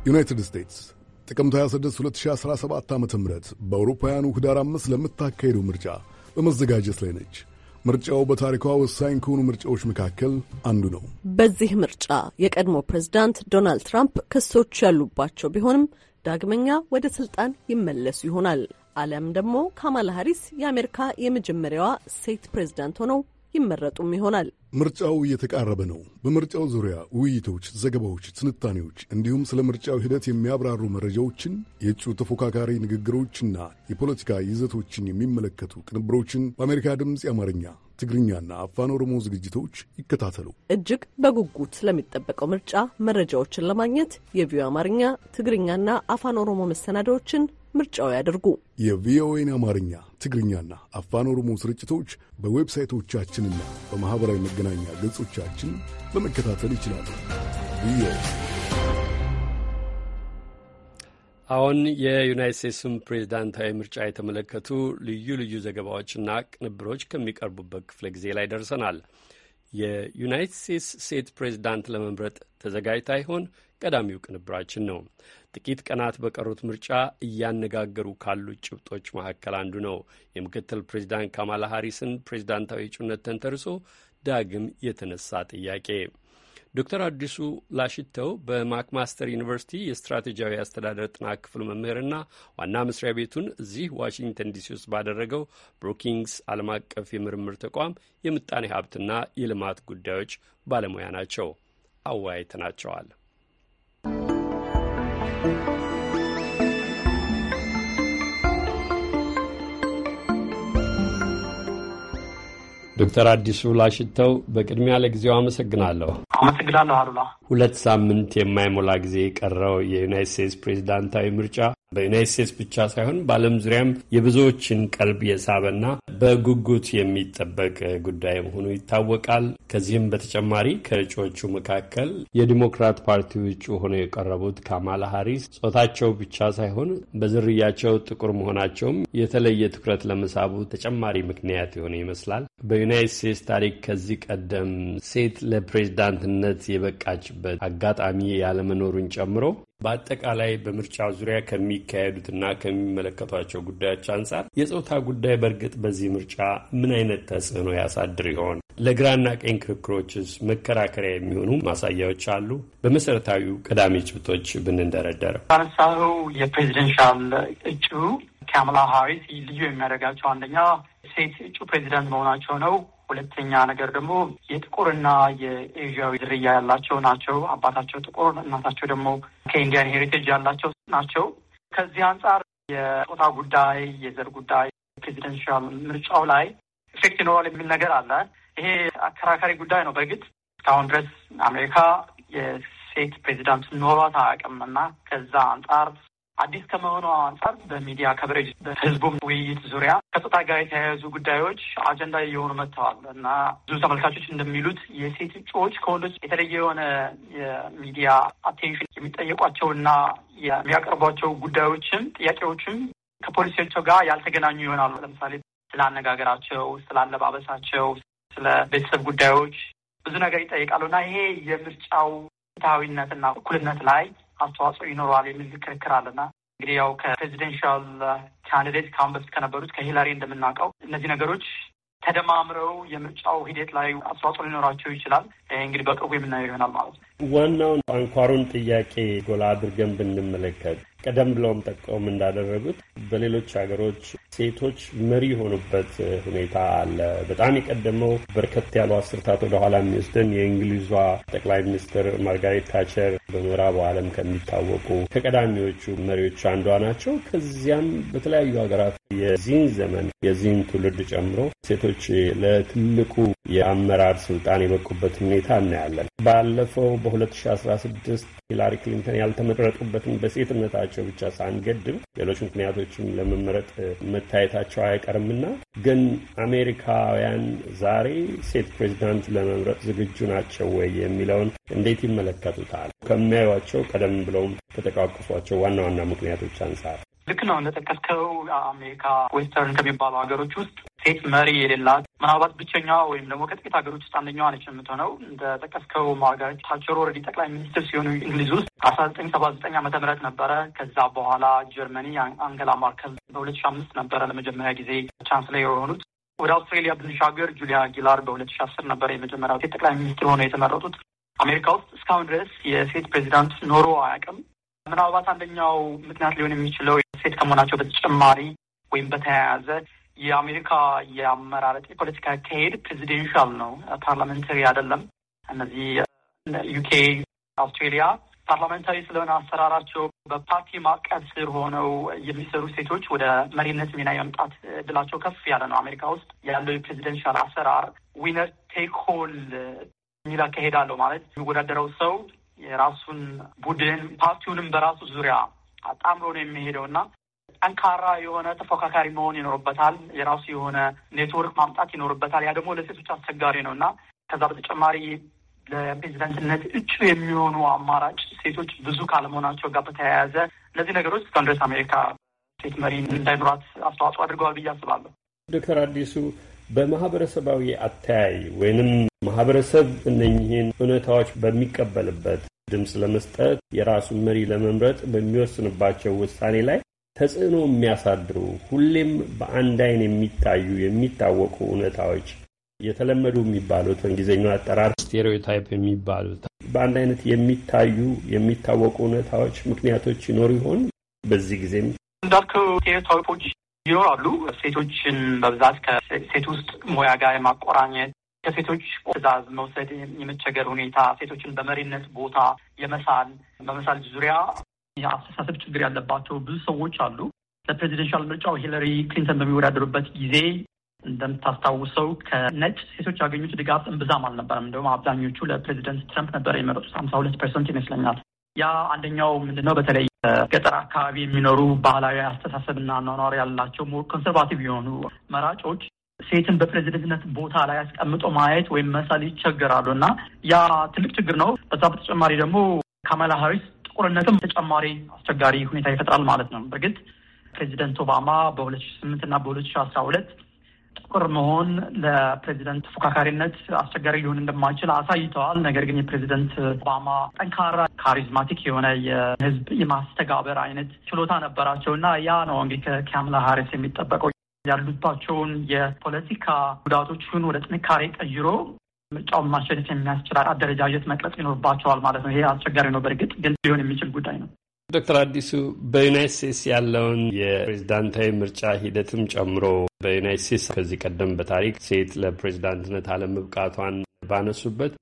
ዩናይትድ ስቴትስ ጥቅምት 26 2017 ዓ ም በአውሮፓውያኑ ህዳር 5 ለምታካሄደው ምርጫ በመዘጋጀት ላይ ነች። ምርጫው በታሪኳ ወሳኝ ከሆኑ ምርጫዎች መካከል አንዱ ነው። በዚህ ምርጫ የቀድሞ ፕሬዝዳንት ዶናልድ ትራምፕ ክሶች ያሉባቸው ቢሆንም ዳግመኛ ወደ ስልጣን ይመለሱ ይሆናል። አለም ደግሞ ካማላ ሀሪስ የአሜሪካ የመጀመሪያዋ ሴት ፕሬዝዳንት ሆነው ይመረጡም ይሆናል። ምርጫው እየተቃረበ ነው። በምርጫው ዙሪያ ውይይቶች፣ ዘገባዎች፣ ትንታኔዎች እንዲሁም ስለ ምርጫው ሂደት የሚያብራሩ መረጃዎችን፣ የእጩ ተፎካካሪ ንግግሮችና የፖለቲካ ይዘቶችን የሚመለከቱ ቅንብሮችን በአሜሪካ ድምፅ የአማርኛ ትግርኛና አፋን ኦሮሞ ዝግጅቶች ይከታተሉ። እጅግ በጉጉት ስለሚጠበቀው ምርጫ መረጃዎችን ለማግኘት የቪዮ አማርኛ ትግርኛና አፋን ኦሮሞ መሰናዳዎችን ምርጫው ያደርጉ። የቪኦኤን አማርኛ፣ ትግርኛና አፋን ኦሮሞ ስርጭቶች በዌብሳይቶቻችንና በማኅበራዊ መገናኛ ገጾቻችን በመከታተል ይችላሉ። አሁን የዩናይት ስቴትስን ፕሬዚዳንታዊ ምርጫ የተመለከቱ ልዩ ልዩ ዘገባዎችና ቅንብሮች ከሚቀርቡበት ክፍለ ጊዜ ላይ ደርሰናል። የዩናይት ስቴትስ ሴት ፕሬዚዳንት ለመምረጥ ተዘጋጅታ ይሆን? ቀዳሚው ቅንብራችን ነው። ጥቂት ቀናት በቀሩት ምርጫ እያነጋገሩ ካሉት ጭብጦች መካከል አንዱ ነው የምክትል ፕሬዚዳንት ካማላ ሃሪስን ፕሬዚዳንታዊ እጩነት ተንተርሶ ዳግም የተነሳ ጥያቄ። ዶክተር አዲሱ ላሽተው በማክማስተር ዩኒቨርሲቲ የስትራቴጂያዊ አስተዳደር ጥናት ክፍል መምህርና ዋና መስሪያ ቤቱን እዚህ ዋሽንግተን ዲሲ ውስጥ ባደረገው ብሮኪንግስ ዓለም አቀፍ የምርምር ተቋም የምጣኔ ሀብትና የልማት ጉዳዮች ባለሙያ ናቸው። አወያይተናቸዋል። ዶክተር አዲሱ ላሽተው በቅድሚያ ለጊዜው አመሰግናለሁ። አመሰግናለሁ አሉላ። ሁለት ሳምንት የማይሞላ ጊዜ የቀረው የዩናይት ስቴትስ ፕሬዚዳንታዊ ምርጫ በዩናይት ስቴትስ ብቻ ሳይሆን በዓለም ዙሪያም የብዙዎችን ቀልብ የሳበና በጉጉት የሚጠበቅ ጉዳይ መሆኑ ይታወቃል። ከዚህም በተጨማሪ ከእጩዎቹ መካከል የዲሞክራት ፓርቲ እጩ ሆነው የቀረቡት ካማላ ሀሪስ ጾታቸው ብቻ ሳይሆን በዝርያቸው ጥቁር መሆናቸውም የተለየ ትኩረት ለመሳቡ ተጨማሪ ምክንያት የሆነ ይመስላል። በዩናይት ስቴትስ ታሪክ ከዚህ ቀደም ሴት ለፕሬዚዳንትነት የበቃች የሚደርስበት አጋጣሚ ያለመኖሩን ጨምሮ በአጠቃላይ በምርጫ ዙሪያ ከሚካሄዱትና ከሚመለከቷቸው ጉዳዮች አንጻር የጾታ ጉዳይ በእርግጥ በዚህ ምርጫ ምን አይነት ተጽዕኖ ያሳድር ይሆን? ለግራና ቀኝ ክርክሮችስ መከራከሪያ የሚሆኑ ማሳያዎች አሉ? በመሰረታዊው ቀዳሚ ጭብቶች ብንንደረደረው አነሳኸው የፕሬዚደንሻል እጩ ካማላ ሃሪስ ልዩ የሚያደርጋቸው አንደኛ ሴት እጩ ፕሬዚደንት መሆናቸው ነው። ሁለተኛ ነገር ደግሞ የጥቁርና የኤዥያዊ ዝርያ ያላቸው ናቸው። አባታቸው ጥቁር፣ እናታቸው ደግሞ ከኢንዲያን ሄሪቴጅ ያላቸው ናቸው። ከዚህ አንጻር የጾታ ጉዳይ፣ የዘር ጉዳይ ፕሬዚደንሻል ምርጫው ላይ ኢፌክት ይኖራል የሚል ነገር አለ። ይሄ አከራካሪ ጉዳይ ነው። በእርግጥ እስካሁን ድረስ አሜሪካ የሴት ፕሬዚዳንት ኖሯት አያውቅም እና ከዛ አንጻር አዲስ ከመሆኗ አንጻር በሚዲያ ከብሬጅ በህዝቡም ውይይት ዙሪያ ከጾታ ጋር የተያያዙ ጉዳዮች አጀንዳ እየሆኑ መጥተዋል እና ብዙ ተመልካቾች እንደሚሉት የሴት እጩዎች ከወንዶች የተለየ የሆነ የሚዲያ አቴንሽን የሚጠየቋቸው እና የሚያቀርቧቸው ጉዳዮችም ጥያቄዎችም ከፖሊሲዎቸው ጋር ያልተገናኙ ይሆናሉ። ለምሳሌ ስለ አነጋገራቸው፣ ስለ አለባበሳቸው፣ ስለ ቤተሰብ ጉዳዮች ብዙ ነገር ይጠይቃሉ እና ይሄ የምርጫው ፍትሐዊነትና እኩልነት ላይ አስተዋጽኦ ይኖረዋል የሚል ክርክር አለና እንግዲህ ያው ከፕሬዚደንሻል ካንዲዴት ከአሁን በፊት ከነበሩት ከሂላሪ እንደምናውቀው እነዚህ ነገሮች ተደማምረው የምርጫው ሂደት ላይ አስተዋጽኦ ሊኖራቸው ይችላል። እንግዲህ በቅርቡ የምናየው ይሆናል ማለት ነው። ዋናውን አንኳሩን ጥያቄ ጎላ አድርገን ብንመለከት ቀደም ብለውም ጠቀውም እንዳደረጉት በሌሎች ሀገሮች ሴቶች መሪ የሆኑበት ሁኔታ አለ። በጣም የቀደመው በርከት ያሉ አስርታት ወደኋላ የሚወስደን የእንግሊዟ ጠቅላይ ሚኒስትር ማርጋሬት ታቸር በምዕራቡ ዓለም ከሚታወቁ ከቀዳሚዎቹ መሪዎች አንዷ ናቸው። ከዚያም በተለያዩ ሀገራት የዚህን ዘመን የዚህን ትውልድ ጨምሮ ሴቶች ለትልቁ የአመራር ስልጣን የበቁበት ሁኔታ እናያለን። ባለፈው በ2016 ሂላሪ ክሊንተን ያልተመረጡበትን በሴትነታቸው ብቻ ሳንገድም ሌሎች ምክንያቶችም ለመመረጥ መታየታቸው አይቀርምና ግን አሜሪካውያን ዛሬ ሴት ፕሬዚዳንት ለመምረጥ ዝግጁ ናቸው ወይ የሚለውን እንዴት ይመለከቱታል? ከሚያዩቸው ቀደም ብለውም ከተቃቀሷቸው ዋና ዋና ምክንያቶች አንጻር ልክ ነው እንደጠቀስከው አሜሪካ ዌስተርን ከሚባሉ ሀገሮች ውስጥ ሴት መሪ የሌላት ምናልባት ብቸኛዋ ወይም ደግሞ ከጥቂት ሀገሮች ውስጥ አንደኛዋ ነች የምትሆነው። እንደጠቀስከው ማርጋሬት ታቸር ኦልሬዲ ጠቅላይ ሚኒስትር ሲሆኑ እንግሊዝ ውስጥ አስራ ዘጠኝ ሰባ ዘጠኝ ዓመተ ምህረት ነበረ። ከዛ በኋላ ጀርመኒ አንገላ ማርከል በሁለት ሺ አምስት ነበረ ለመጀመሪያ ጊዜ ቻንስለር የሆኑት። ወደ አውስትሬሊያ ብንሻገር ጁሊያ ጊላር በሁለት ሺ አስር ነበረ የመጀመሪያ ሴት ጠቅላይ ሚኒስትር ሆነው የተመረጡት። አሜሪካ ውስጥ እስካሁን ድረስ የሴት ፕሬዚዳንት ኖሮ አያውቅም። ምናልባት አንደኛው ምክንያት ሊሆን የሚችለው ሴት ከመሆናቸው በተጨማሪ ወይም በተያያዘ የአሜሪካ የአመራረጥ የፖለቲካ አካሄድ ፕሬዚደንሻል ነው፣ ፓርላመንታሪ አይደለም። እነዚህ ዩኬ፣ አውስትሬሊያ ፓርላሜንታሪ ስለሆነ አሰራራቸው በፓርቲ ማዕቀፍ ስር ሆነው የሚሰሩ ሴቶች ወደ መሪነት ሚና የመምጣት እድላቸው ከፍ ያለ ነው። አሜሪካ ውስጥ ያለው የፕሬዚደንሻል አሰራር ዊነር ቴክ ሆል የሚል አካሄድ አለው። ማለት የሚወዳደረው ሰው የራሱን ቡድን ፓርቲውንም በራሱ ዙሪያ አጣምሮ ነው የሚሄደው እና ጠንካራ የሆነ ተፎካካሪ መሆን ይኖርበታል። የራሱ የሆነ ኔትወርክ ማምጣት ይኖርበታል። ያ ደግሞ ለሴቶች አስቸጋሪ ነው እና ከዛ በተጨማሪ ለፕሬዚደንትነት እጩ የሚሆኑ አማራጭ ሴቶች ብዙ ካለመሆናቸው ጋር በተያያዘ እነዚህ ነገሮች እስከ ድረስ አሜሪካ ሴት መሪ እንዳይኖራት አስተዋጽኦ አድርገዋል ብዬ አስባለሁ። ዶክተር አዲሱ በማህበረሰባዊ አተያይ ወይንም ማህበረሰብ እነህን እውነታዎች በሚቀበልበት ድምፅ ለመስጠት የራሱን መሪ ለመምረጥ በሚወስንባቸው ውሳኔ ላይ ተጽዕኖ የሚያሳድሩ ሁሌም በአንድ አይን የሚታዩ የሚታወቁ እውነታዎች የተለመዱ የሚባሉት በእንግሊዝኛው አጠራር ስቴሪዮታይፕ የሚባሉት በአንድ አይነት የሚታዩ የሚታወቁ እውነታዎች ምክንያቶች ይኖሩ ይሆን? በዚህ ጊዜም እንዳልከው ስቴሪዮታይፖች ይኖራሉ። ሴቶችን በብዛት ከሴት ውስጥ ሙያ ጋር የማቆራኘት ከሴቶች ትዕዛዝ መውሰድ የመቸገር ሁኔታ፣ ሴቶችን በመሪነት ቦታ የመሳል በመሳል ዙሪያ የአስተሳሰብ ችግር ያለባቸው ብዙ ሰዎች አሉ። ለፕሬዚደንሻል ምርጫው ሂለሪ ክሊንተን በሚወዳደሩበት ጊዜ እንደምታስታውሰው ከነጭ ሴቶች ያገኙት ድጋፍ እምብዛም አልነበረም። እንደውም አብዛኞቹ ለፕሬዚደንት ትረምፕ ነበር የመረጡት ሀምሳ ሁለት ፐርሰንት ይመስለኛል። ያ አንደኛው ምንድነው በተለይ ገጠር አካባቢ የሚኖሩ ባህላዊ አስተሳሰብና አኗኗር ያላቸው ሞር ኮንሰርቫቲቭ የሆኑ መራጮች ሴትን በፕሬዚደንትነት ቦታ ላይ አስቀምጦ ማየት ወይም መሳል ይቸገራሉ እና ያ ትልቅ ችግር ነው። በዛ በተጨማሪ ደግሞ ካማላ ሀሪስ ጥቁርነትም ተጨማሪ አስቸጋሪ ሁኔታ ይፈጥራል ማለት ነው። በእርግጥ ፕሬዚደንት ኦባማ በሁለት ሺ ስምንት እና በሁለት ሺ አስራ ሁለት ጥቁር መሆን ለፕሬዚደንት ተፎካካሪነት አስቸጋሪ ሊሆን እንደማይችል አሳይተዋል። ነገር ግን የፕሬዚደንት ኦባማ ጠንካራ ካሪዝማቲክ የሆነ የህዝብ የማስተጋበር አይነት ችሎታ ነበራቸው እና ያ ነው እንግዲህ ከካምላ ሀሪስ የሚጠበቀው ያሉባቸውን የፖለቲካ ጉዳቶችን ወደ ጥንካሬ ቀይሮ ምርጫውን ማሸነፍ የሚያስችል አደረጃጀት መቅረጽ ይኖርባቸዋል ማለት ነው። ይሄ አስቸጋሪ ነው። በእርግጥ ግን ሊሆን የሚችል ጉዳይ ነው። ዶክተር አዲሱ በዩናይት ስቴትስ ያለውን የፕሬዝዳንታዊ ምርጫ ሂደትም ጨምሮ በዩናይት ስቴትስ ከዚህ ቀደም በታሪክ ሴት ለፕሬዝዳንትነት አለመብቃቷን ባነሱበት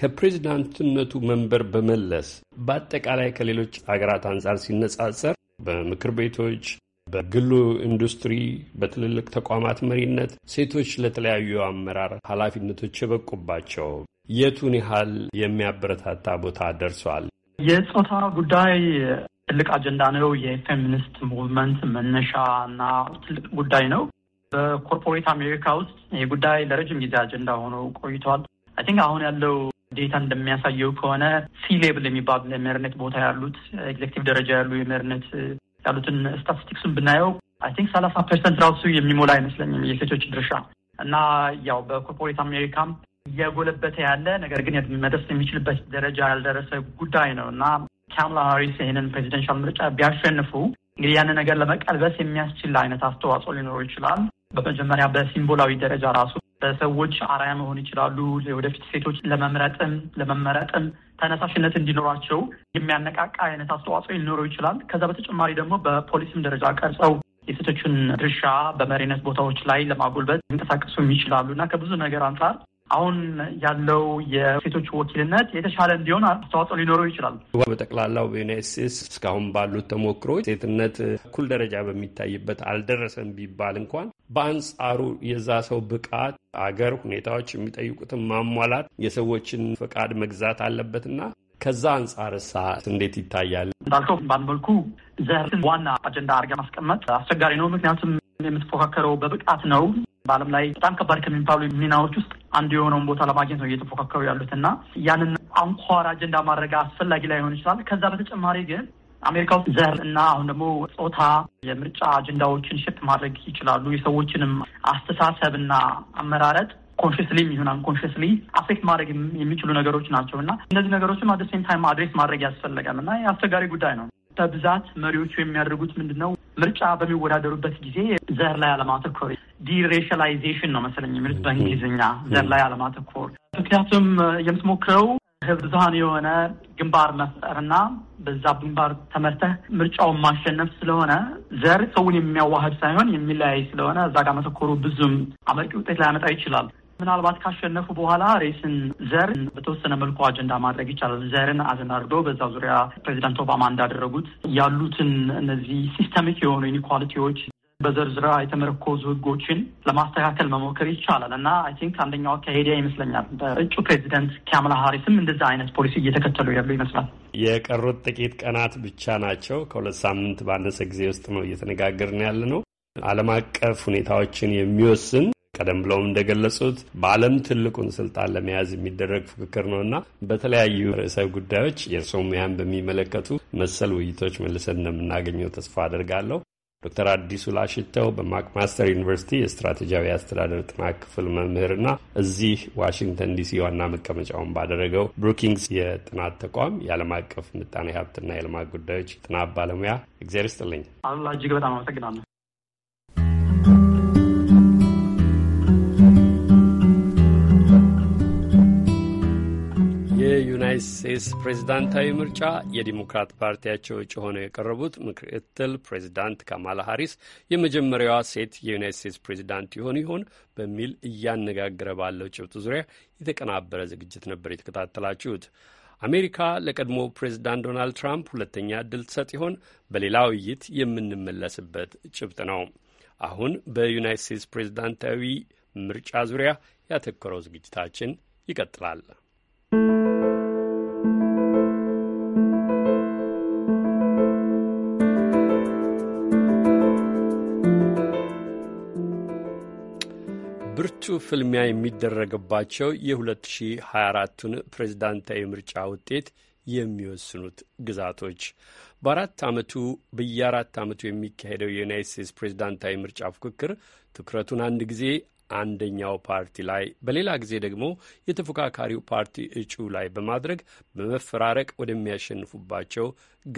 ከፕሬዝዳንትነቱ መንበር በመለስ በአጠቃላይ ከሌሎች ሀገራት አንጻር ሲነጻጸር በምክር ቤቶች በግሉ ኢንዱስትሪ በትልልቅ ተቋማት መሪነት ሴቶች ለተለያዩ አመራር ኃላፊነቶች የበቁባቸው የቱን ያህል የሚያበረታታ ቦታ ደርሷል? የጾታ ጉዳይ ትልቅ አጀንዳ ነው። የፌሚኒስት ሙቭመንት መነሻ እና ትልቅ ጉዳይ ነው። በኮርፖሬት አሜሪካ ውስጥ ይህ ጉዳይ ለረጅም ጊዜ አጀንዳ ሆኖ ቆይቷል። አይ ቲንክ አሁን ያለው ዴታ እንደሚያሳየው ከሆነ ሲ ሌብል የሚባል የመሪነት ቦታ ያሉት ኤግዜክቲቭ ደረጃ ያሉ የመሪነት ያሉትን ስታቲስቲክሱን ብናየው አይ ቲንክ ሰላሳ ፐርሰንት ራሱ የሚሞላ አይመስለኝም የሴቶች ድርሻ እና ያው በኮርፖሬት አሜሪካም እየጎለበተ ያለ ነገር ግን መድረስ የሚችልበት ደረጃ ያልደረሰ ጉዳይ ነው እና ካምላ ሃሪስ ይህንን ፕሬዚደንሻል ምርጫ ቢያሸንፉ እንግዲህ ያንን ነገር ለመቀልበስ የሚያስችል አይነት አስተዋጽኦ ሊኖረው ይችላል። በመጀመሪያ በሲምቦላዊ ደረጃ ራሱ ሰዎች አርአያ መሆን ይችላሉ። ወደፊት ሴቶች ለመምረጥም ለመመረጥም ተነሳሽነት እንዲኖራቸው የሚያነቃቃ አይነት አስተዋጽኦ ሊኖረው ይችላል። ከዛ በተጨማሪ ደግሞ በፖሊሲም ደረጃ ቀርጸው የሴቶችን ድርሻ በመሪነት ቦታዎች ላይ ለማጎልበት ሊንቀሳቀሱም ይችላሉ እና ከብዙ ነገር አንጻር አሁን ያለው የሴቶች ወኪልነት የተሻለ እንዲሆን አስተዋጽኦ ሊኖረው ይችላል። በጠቅላላው በዩናይት ስቴትስ እስካሁን ባሉት ተሞክሮች ሴትነት እኩል ደረጃ በሚታይበት አልደረሰም ቢባል እንኳን በአንጻሩ የዛ ሰው ብቃት አገር ሁኔታዎች የሚጠይቁትን ማሟላት የሰዎችን ፈቃድ መግዛት አለበትና ከዛ አንጻር እሳ እንዴት ይታያል? እንዳልከው በአንድ መልኩ ዘርን ዋና አጀንዳ አድርገህ ማስቀመጥ አስቸጋሪ ነው። ምክንያቱም የምትፎካከረው በብቃት ነው። በዓለም ላይ በጣም ከባድ ከሚባሉ ሚናዎች ውስጥ አንዱ የሆነውን ቦታ ለማግኘት ነው እየተፎካከሩ ያሉት እና ያንን አንኳር አጀንዳ ማድረግ አስፈላጊ ላይሆን ይችላል። ከዛ በተጨማሪ ግን አሜሪካ ውስጥ ዘር እና አሁን ደግሞ ጾታ የምርጫ አጀንዳዎችን ሽፍት ማድረግ ይችላሉ። የሰዎችንም አስተሳሰብ እና አመራረጥ ኮንሽስሊ ይሁን አንኮንሽስሊ አፌክት ማድረግ የሚችሉ ነገሮች ናቸው እና እነዚህ ነገሮችም አደ ሴም ታይም አድሬስ ማድረግ ያስፈልጋል እና አስቸጋሪ ጉዳይ ነው። በብዛት መሪዎቹ የሚያደርጉት ምንድን ነው? ምርጫ በሚወዳደሩበት ጊዜ ዘር ላይ አለማተኮር ዲሬሽላይዜሽን ነው መሰለኝ የሚሉት በእንግሊዝኛ ዘር ላይ አለማተኮር ምክንያቱም የምትሞክረው ህብዙሀን የሆነ ግንባር መፍጠርና በዛ ግንባር ተመርተህ ምርጫውን ማሸነፍ ስለሆነ ዘር ሰውን የሚያዋህድ ሳይሆን የሚለያይ ስለሆነ እዛ ጋር መተኮሩ ብዙም አመርቂ ውጤት ላያመጣ ይችላል። ምናልባት ካሸነፉ በኋላ ሬስን ዘር በተወሰነ መልኩ አጀንዳ ማድረግ ይቻላል። ዘርን አጀንዳ አድርገው በዛ ዙሪያ ፕሬዚዳንት ኦባማ እንዳደረጉት ያሉትን እነዚህ ሲስተሚክ የሆኑ ኢኒኳሊቲዎች በዝርዝራ የተመረኮዙ ህጎችን ለማስተካከል መሞከር ይቻላል እና አይ ቲንክ አንደኛው አካሄድ ይመስለኛል። በእጩ ፕሬዚደንት ካምላ ሀሪስም እንደዛ አይነት ፖሊሲ እየተከተሉ ያሉ ይመስላል። የቀሩት ጥቂት ቀናት ብቻ ናቸው። ከሁለት ሳምንት ባነሰ ጊዜ ውስጥ ነው እየተነጋገርን ያለ ነው። ዓለም አቀፍ ሁኔታዎችን የሚወስን ቀደም ብለውም እንደገለጹት በዓለም ትልቁን ስልጣን ለመያዝ የሚደረግ ፉክክር ነው እና በተለያዩ ርዕሰ ጉዳዮች የእርስዎ ሙያን በሚመለከቱ መሰል ውይይቶች መልሰን እንደምናገኘው ተስፋ አድርጋለሁ። ዶክተር አዲሱ ላሽተው በማክማስተር ዩኒቨርሲቲ የስትራቴጂያዊ አስተዳደር ጥናት ክፍል መምህርና እዚህ ዋሽንግተን ዲሲ ዋና መቀመጫውን ባደረገው ብሩኪንግስ የጥናት ተቋም የዓለም አቀፍ ምጣኔ ሀብትና የልማት ጉዳዮች ጥናት ባለሙያ። እግዚአብሔር ይስጥልኝ አሉላ፣ እጅግ በጣም አመሰግናለሁ። ለዩናይት ስቴትስ ምርጫ የዲሞክራት ፓርቲያቸው እጩ ሆነው የቀረቡት ምክትል ፕሬዚዳንት ካማላ ሀሪስ የመጀመሪያዋ ሴት የዩናይት ስቴትስ ፕሬዚዳንት ይሆኑ ይሆን በሚል እያነጋገረ ባለው ጭብጥ ዙሪያ የተቀናበረ ዝግጅት ነበር የተከታተላችሁት። አሜሪካ ለቀድሞ ፕሬዚዳንት ዶናልድ ትራምፕ ሁለተኛ እድል ትሰጥ ይሆን? በሌላ ውይይት የምንመለስበት ጭብጥ ነው። አሁን በዩናይት ስቴትስ ፕሬዝዳንታዊ ምርጫ ዙሪያ ያተኮረው ዝግጅታችን ይቀጥላል። ብርቱ ፍልሚያ የሚደረግባቸው የ2024ቱን ፕሬዝዳንታዊ ምርጫ ውጤት የሚወስኑት ግዛቶች በአራት ዓመቱ በየአራት ዓመቱ የሚካሄደው የዩናይት ስቴትስ ፕሬዝዳንታዊ ምርጫ ፉክክር ትኩረቱን አንድ ጊዜ አንደኛው ፓርቲ ላይ በሌላ ጊዜ ደግሞ የተፎካካሪው ፓርቲ እጩ ላይ በማድረግ በመፈራረቅ ወደሚያሸንፉባቸው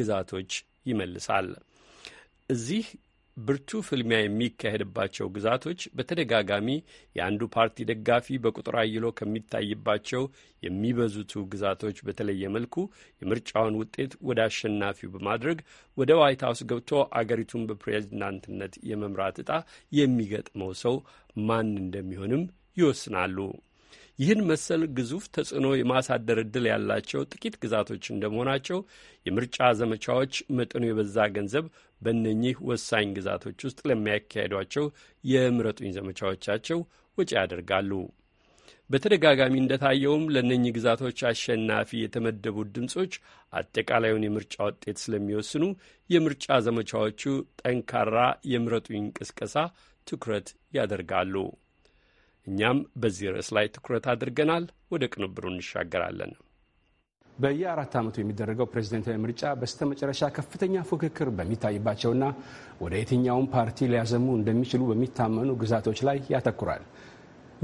ግዛቶች ይመልሳል። እዚህ ብርቱ ፍልሚያ የሚካሄድባቸው ግዛቶች በተደጋጋሚ የአንዱ ፓርቲ ደጋፊ በቁጥር አይሎ ከሚታይባቸው የሚበዙቱ ግዛቶች በተለየ መልኩ የምርጫውን ውጤት ወደ አሸናፊው በማድረግ ወደ ዋይት ሀውስ ገብቶ አገሪቱን በፕሬዝዳንትነት የመምራት ዕጣ የሚገጥመው ሰው ማን እንደሚሆንም ይወስናሉ። ይህን መሰል ግዙፍ ተጽዕኖ የማሳደር ዕድል ያላቸው ጥቂት ግዛቶች እንደመሆናቸው የምርጫ ዘመቻዎች መጠኑ የበዛ ገንዘብ በእነኚህ ወሳኝ ግዛቶች ውስጥ ለሚያካሄዷቸው የምረጡኝ ዘመቻዎቻቸው ወጪ ያደርጋሉ። በተደጋጋሚ እንደታየውም ለእነኚህ ግዛቶች አሸናፊ የተመደቡት ድምፆች አጠቃላዩን የምርጫ ውጤት ስለሚወስኑ የምርጫ ዘመቻዎቹ ጠንካራ የምረጡኝ ቅስቀሳ ትኩረት ያደርጋሉ። እኛም በዚህ ርዕስ ላይ ትኩረት አድርገናል። ወደ ቅንብሩ እንሻገራለን። በየአራት ዓመቱ የሚደረገው ፕሬዝደንታዊ ምርጫ በስተመጨረሻ ከፍተኛ ፉክክር በሚታይባቸውና ወደ የትኛውም ፓርቲ ሊያዘሙ እንደሚችሉ በሚታመኑ ግዛቶች ላይ ያተኩራል።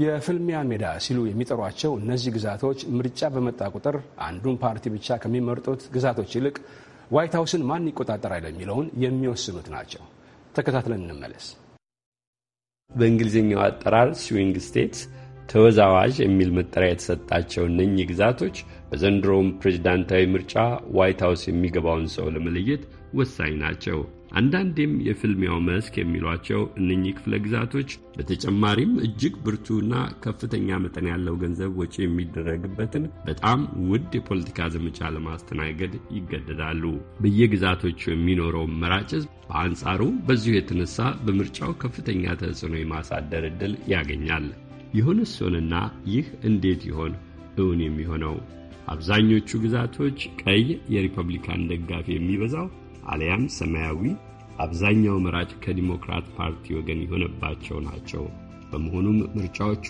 የፍልሚያ ሜዳ ሲሉ የሚጠሯቸው እነዚህ ግዛቶች ምርጫ በመጣ ቁጥር አንዱን ፓርቲ ብቻ ከሚመርጡት ግዛቶች ይልቅ ዋይት ሀውስን ማን ይቆጣጠራል የሚለውን የሚወስኑት ናቸው። ተከታትለን እንመለስ። በእንግሊዝኛው አጠራር ስዊንግ ስቴትስ ተወዛዋዥ የሚል መጠሪያ የተሰጣቸው እነኚህ ግዛቶች በዘንድሮውም ፕሬዝዳንታዊ ምርጫ ዋይት ሀውስ የሚገባውን ሰው ለመለየት ወሳኝ ናቸው። አንዳንዴም የፍልሚያው መስክ የሚሏቸው እነኚህ ክፍለ ግዛቶች በተጨማሪም እጅግ ብርቱና ከፍተኛ መጠን ያለው ገንዘብ ወጪ የሚደረግበትን በጣም ውድ የፖለቲካ ዘመቻ ለማስተናገድ ይገደዳሉ። በየግዛቶቹ የሚኖረው መራጭ ሕዝብ በአንጻሩ በዚሁ የተነሳ በምርጫው ከፍተኛ ተጽዕኖ የማሳደር ዕድል ያገኛል። ይሁንስ ሆንና ይህ እንዴት ይሆን እውን የሚሆነው? አብዛኞቹ ግዛቶች ቀይ የሪፐብሊካን ደጋፊ የሚበዛው አሊያም ሰማያዊ አብዛኛው መራጭ ከዲሞክራት ፓርቲ ወገን የሆነባቸው ናቸው። በመሆኑም ምርጫዎቹ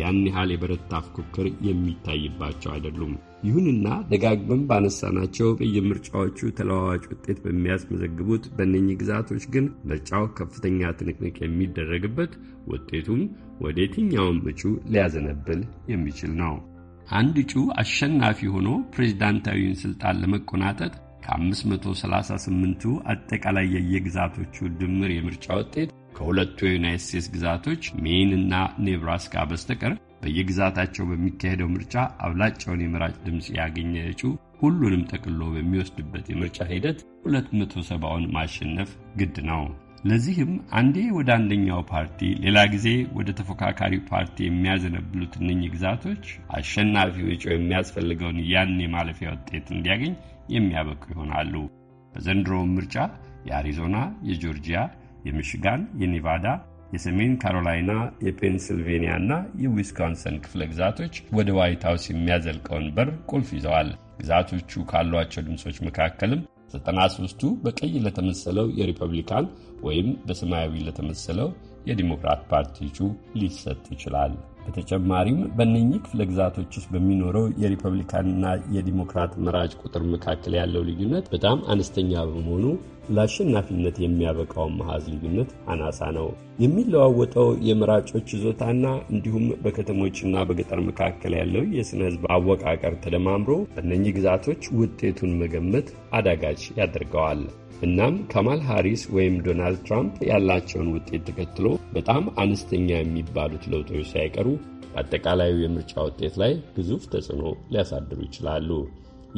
ያን ያህል የበረታ ፉክክር የሚታይባቸው አይደሉም። ይሁንና ደጋግመን ባነሳናቸው በየምርጫዎቹ ተለዋዋጭ ውጤት በሚያስመዘግቡት በእነኚህ ግዛቶች ግን ምርጫው ከፍተኛ ትንቅንቅ የሚደረግበት ውጤቱም ወደ የትኛውም እጩ ሊያዘነብል የሚችል ነው። አንድ እጩ አሸናፊ ሆኖ ፕሬዝዳንታዊውን ስልጣን ለመቆናጠጥ ከ538ቱ አጠቃላይ የየግዛቶቹ ድምር የምርጫ ውጤት ከሁለቱ የዩናይት ስቴትስ ግዛቶች ሜን እና ኔብራስካ በስተቀር በየግዛታቸው በሚካሄደው ምርጫ አብላጫውን የመራጭ ድምፅ ያገኘ እጩ ሁሉንም ጠቅሎ በሚወስድበት የምርጫ ሂደት 270ውን ማሸነፍ ግድ ነው። ለዚህም አንዴ ወደ አንደኛው ፓርቲ ሌላ ጊዜ ወደ ተፎካካሪ ፓርቲ የሚያዘነብሉት እነኚህ ግዛቶች አሸናፊው እጩ የሚያስፈልገውን ያን የማለፊያ ውጤት እንዲያገኝ የሚያበቁ ይሆናሉ። በዘንድሮውም ምርጫ የአሪዞና፣ የጆርጂያ፣ የሚሽጋን፣ የኔቫዳ፣ የሰሜን ካሮላይና፣ የፔንስልቬንያ እና የዊስኮንሰን ክፍለ ግዛቶች ወደ ዋይት ሀውስ የሚያዘልቀውን በር ቁልፍ ይዘዋል። ግዛቶቹ ካሏቸው ድምፆች መካከልም 93ቱ በቀይ ለተመሰለው የሪፐብሊካን ወይም በሰማያዊ ለተመሰለው የዲሞክራት ፓርቲ እጩ ሊሰጥ ይችላል። በተጨማሪም በእነኚህ ክፍለ ግዛቶች ውስጥ በሚኖረው የሪፐብሊካንና የዲሞክራት መራጭ ቁጥር መካከል ያለው ልዩነት በጣም አነስተኛ በመሆኑ ለአሸናፊነት የሚያበቃውን መሐዝ ልዩነት አናሳ ነው። የሚለዋወጠው የመራጮች ይዞታና እንዲሁም በከተሞችና በገጠር መካከል ያለው የሥነ ሕዝብ አወቃቀር ተደማምሮ በእነኚህ ግዛቶች ውጤቱን መገመት አዳጋች ያደርገዋል። እናም ካማል ሃሪስ ወይም ዶናልድ ትራምፕ ያላቸውን ውጤት ተከትሎ በጣም አነስተኛ የሚባሉት ለውጦች ሳይቀሩ በአጠቃላዩ የምርጫ ውጤት ላይ ግዙፍ ተጽዕኖ ሊያሳድሩ ይችላሉ።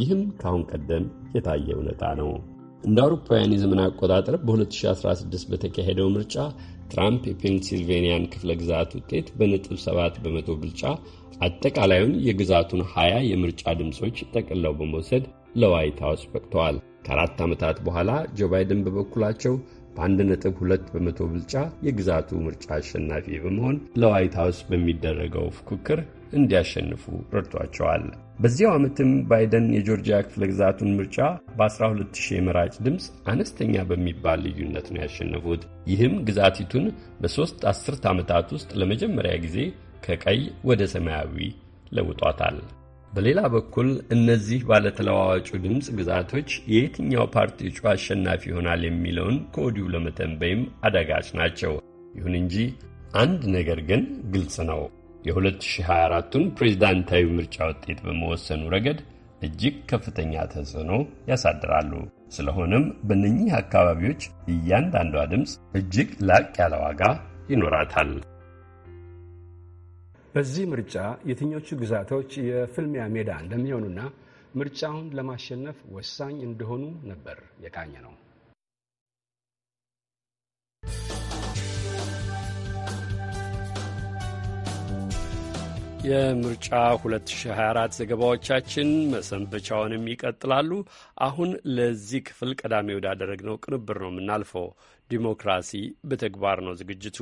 ይህም ከአሁን ቀደም የታየ እውነታ ነው። እንደ አውሮፓውያን የዘመን አቆጣጠር በ2016 በተካሄደው ምርጫ ትራምፕ የፔንሲልቬንያን ክፍለ ግዛት ውጤት በነጥብ 7 በመቶ ብልጫ አጠቃላዩን የግዛቱን 20 የምርጫ ድምፆች ጠቅለው በመውሰድ ለዋይት ሀውስ በቅተዋል። ከአራት ዓመታት በኋላ ጆ ባይደን በበኩላቸው በአንድ ነጥብ ሁለት በመቶ ብልጫ የግዛቱ ምርጫ አሸናፊ በመሆን ለዋይት ሀውስ በሚደረገው ፉክክር እንዲያሸንፉ ረድቷቸዋል። በዚያው ዓመትም ባይደን የጆርጂያ ክፍለ ግዛቱን ምርጫ በ12000 መራጭ ድምፅ አነስተኛ በሚባል ልዩነት ነው ያሸነፉት። ይህም ግዛቲቱን በሦስት አስርት ዓመታት ውስጥ ለመጀመሪያ ጊዜ ከቀይ ወደ ሰማያዊ ለውጧታል። በሌላ በኩል እነዚህ ባለተለዋዋጩ ድምፅ ግዛቶች የየትኛው ፓርቲ እጩ አሸናፊ ይሆናል የሚለውን ከወዲሁ ለመተንበይም አዳጋች ናቸው። ይሁን እንጂ አንድ ነገር ግን ግልጽ ነው። የ2024ቱን ፕሬዚዳንታዊ ምርጫ ውጤት በመወሰኑ ረገድ እጅግ ከፍተኛ ተጽዕኖ ያሳድራሉ። ስለሆነም በእነኚህ አካባቢዎች እያንዳንዷ ድምፅ እጅግ ላቅ ያለ ዋጋ ይኖራታል። በዚህ ምርጫ የትኞቹ ግዛቶች የፍልሚያ ሜዳ እንደሚሆኑና ምርጫውን ለማሸነፍ ወሳኝ እንደሆኑ ነበር የቃኘ ነው። የምርጫ 2024 ዘገባዎቻችን መሰንበቻውንም ይቀጥላሉ። አሁን ለዚህ ክፍል ቀዳሚ ወዳደረግነው ቅንብር ነው የምናልፈው። ዲሞክራሲ በተግባር ነው ዝግጅቱ።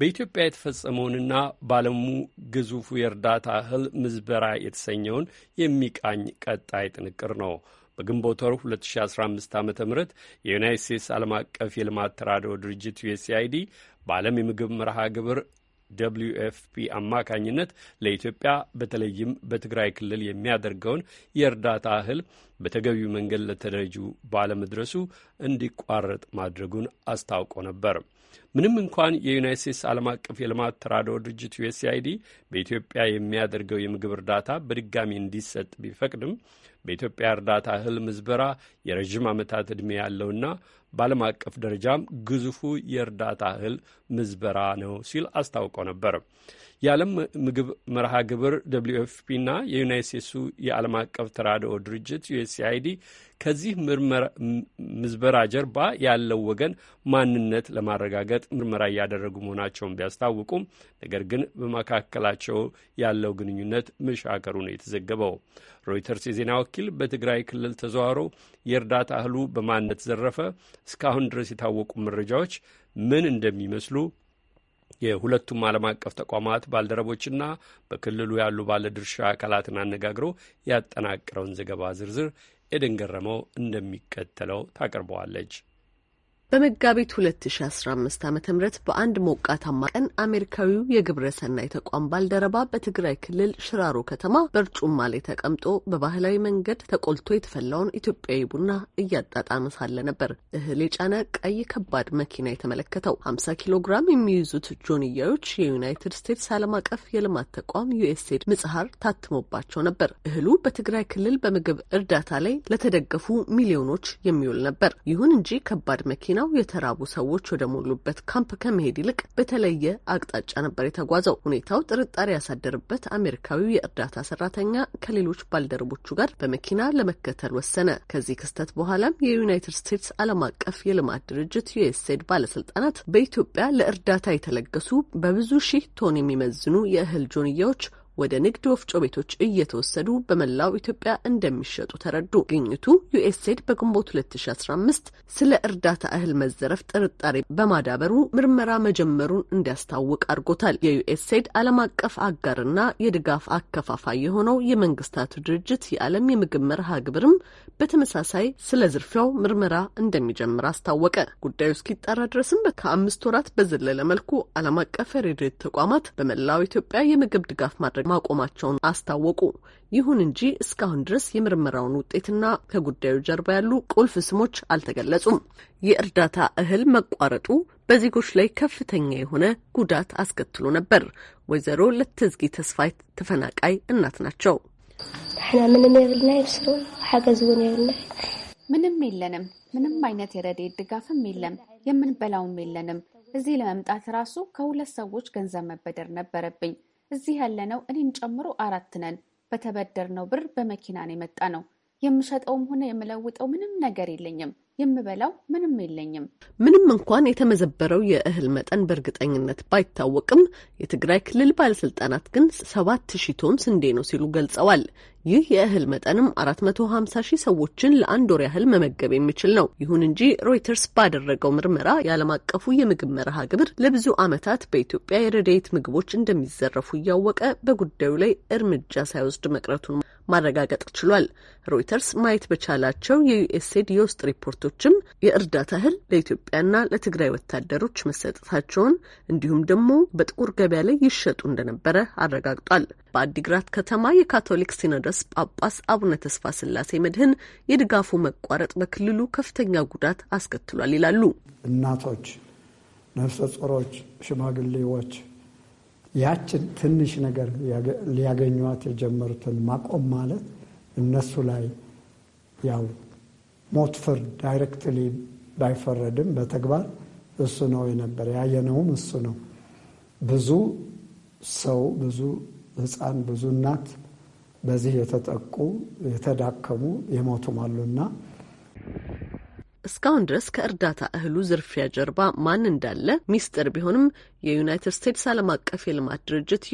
በኢትዮጵያ የተፈጸመውንና በዓለሙ ግዙፉ የእርዳታ እህል ምዝበራ የተሰኘውን የሚቃኝ ቀጣይ ጥንቅር ነው። በግንቦት ወር 2015 ዓ ም የዩናይት ስቴትስ ዓለም አቀፍ የልማት ተራድኦ ድርጅት ዩኤስአይዲ በዓለም የምግብ መርሃ ግብር ደብልዩ ኤፍፒ አማካኝነት ለኢትዮጵያ በተለይም በትግራይ ክልል የሚያደርገውን የእርዳታ እህል በተገቢው መንገድ ለተረጂው ባለመድረሱ እንዲቋረጥ ማድረጉን አስታውቆ ነበር። ምንም እንኳን የዩናይት ስቴትስ ዓለም አቀፍ የልማት ተራድኦ ድርጅት ዩኤስአይዲ በኢትዮጵያ የሚያደርገው የምግብ እርዳታ በድጋሚ እንዲሰጥ ቢፈቅድም በኢትዮጵያ እርዳታ እህል ምዝበራ የረዥም ዓመታት ዕድሜ ያለውና በዓለም አቀፍ ደረጃም ግዙፉ የእርዳታ እህል ምዝበራ ነው ሲል አስታውቆ ነበር። የዓለም ምግብ መርሃ ግብር ደብሊው ኤፍ ፒ እና የዩናይት ስቴትሱ የዓለም አቀፍ ተራድኦ ድርጅት ዩኤስአይዲ ከዚህ ምዝበራ ጀርባ ያለው ወገን ማንነት ለማረጋገጥ ምርመራ እያደረጉ መሆናቸውን ቢያስታውቁም ነገር ግን በመካከላቸው ያለው ግንኙነት መሻከሩ ነው የተዘገበው። ሮይተርስ የዜና ወኪል በትግራይ ክልል ተዘዋውሮ የእርዳታ እህሉ በማነት ዘረፈ፣ እስካሁን ድረስ የታወቁ መረጃዎች ምን እንደሚመስሉ የሁለቱም ዓለም አቀፍ ተቋማት ባልደረቦችና በክልሉ ያሉ ባለድርሻ አካላትን አነጋግሮ ያጠናቀረውን ዘገባ ዝርዝር ኤደን ገረመው እንደሚከተለው ታቀርበዋለች። በመጋቢት 2015 ዓ ም በአንድ ሞቃታማ ቀን አሜሪካዊው የግብረ ሰናይ ተቋም ባልደረባ በትግራይ ክልል ሽራሮ ከተማ በርጩማ ላይ ተቀምጦ በባህላዊ መንገድ ተቆልቶ የተፈላውን ኢትዮጵያዊ ቡና እያጣጣመ ሳለ ነበር እህል የጫነ ቀይ ከባድ መኪና የተመለከተው። 50 ኪሎ ግራም የሚይዙት ጆንያዎች የዩናይትድ ስቴትስ ዓለም አቀፍ የልማት ተቋም ዩኤስኤድ ምጽሐር ታትሞባቸው ነበር። እህሉ በትግራይ ክልል በምግብ እርዳታ ላይ ለተደገፉ ሚሊዮኖች የሚውል ነበር። ይሁን እንጂ ከባድ መኪና መኪናው የተራቡ ሰዎች ወደ ሞሉበት ካምፕ ከመሄድ ይልቅ በተለየ አቅጣጫ ነበር የተጓዘው። ሁኔታው ጥርጣሬ ያሳደረበት አሜሪካዊው የእርዳታ ሰራተኛ ከሌሎች ባልደረቦቹ ጋር በመኪና ለመከተል ወሰነ። ከዚህ ክስተት በኋላም የዩናይትድ ስቴትስ ዓለም አቀፍ የልማት ድርጅት ዩኤስኤድ ባለስልጣናት በኢትዮጵያ ለእርዳታ የተለገሱ በብዙ ሺህ ቶን የሚመዝኑ የእህል ጆንያዎች ወደ ንግድ ወፍጮ ቤቶች እየተወሰዱ በመላው ኢትዮጵያ እንደሚሸጡ ተረዱ። ግኝቱ ዩኤስኤድ በግንቦት 2015 ስለ እርዳታ እህል መዘረፍ ጥርጣሬ በማዳበሩ ምርመራ መጀመሩን እንዲያስታውቅ አድርጎታል። የዩኤስኤድ ዓለም አቀፍ አጋርና የድጋፍ አከፋፋይ የሆነው የመንግስታቱ ድርጅት የዓለም የምግብ መርሃ ግብርም በተመሳሳይ ስለ ዝርፊያው ምርመራ እንደሚጀምር አስታወቀ። ጉዳዩ እስኪጣራ ድረስም ከአምስት ወራት በዘለለ መልኩ ዓለም አቀፍ የሬድሬት ተቋማት በመላው ኢትዮጵያ የምግብ ድጋፍ ማድረግ ማቆማቸውን አስታወቁ። ይሁን እንጂ እስካሁን ድረስ የምርመራውን ውጤትና ከጉዳዩ ጀርባ ያሉ ቁልፍ ስሞች አልተገለጹም። የእርዳታ እህል መቋረጡ በዜጎች ላይ ከፍተኛ የሆነ ጉዳት አስከትሎ ነበር። ወይዘሮ ለትዝጊ ተስፋይ ተፈናቃይ እናት ናቸው። ምንም የለንም። ምንም አይነት የረድኤት ድጋፍም የለም። የምንበላውም የለንም። እዚህ ለመምጣት ራሱ ከሁለት ሰዎች ገንዘብ መበደር ነበረብኝ። እዚህ ያለነው እኔን ጨምሮ አራት ነን። በተበደርነው ብር በመኪናን የመጣ ነው። የምሸጠውም ሆነ የምለውጠው ምንም ነገር የለኝም። የምበላው ምንም የለኝም። ምንም እንኳን የተመዘበረው የእህል መጠን በእርግጠኝነት ባይታወቅም የትግራይ ክልል ባለስልጣናት ግን ሰባት ሺህ ቶን ስንዴ ነው ሲሉ ገልጸዋል። ይህ የእህል መጠንም 450 ሺህ ሰዎችን ለአንድ ወር ያህል መመገብ የሚችል ነው። ይሁን እንጂ ሮይተርስ ባደረገው ምርመራ የዓለም አቀፉ የምግብ መርሃ ግብር ለብዙ ዓመታት በኢትዮጵያ የረድኤት ምግቦች እንደሚዘረፉ እያወቀ በጉዳዩ ላይ እርምጃ ሳይወስድ መቅረቱን ማረጋገጥ ችሏል። ሮይተርስ ማየት በቻላቸው የዩኤስኤድ የውስጥ ሪፖርቶችም የእርዳታ እህል ለኢትዮጵያና ለትግራይ ወታደሮች መሰጠታቸውን እንዲሁም ደግሞ በጥቁር ገበያ ላይ ይሸጡ እንደነበረ አረጋግጧል። በአዲግራት ከተማ የካቶሊክ ሲኖዶስ ጳጳስ አቡነ ተስፋ ስላሴ መድህን የድጋፉ መቋረጥ በክልሉ ከፍተኛ ጉዳት አስከትሏል ይላሉ። እናቶች፣ ነፍሰ ጡሮች፣ ሽማግሌዎች ያችን ትንሽ ነገር ሊያገኟት የጀመሩትን ማቆም ማለት እነሱ ላይ ያው ሞት ፍርድ ዳይሬክትሊ ባይፈረድም በተግባር እሱ ነው የነበረ። ያየነውም እሱ ነው። ብዙ ሰው፣ ብዙ ህፃን ብዙ እናት በዚህ የተጠቁ የተዳከሙ የሞቱም አሉና እስካሁን ድረስ ከእርዳታ እህሉ ዝርፊያ ጀርባ ማን እንዳለ ሚስጥር ቢሆንም የዩናይትድ ስቴትስ ዓለም አቀፍ የልማት ድርጅት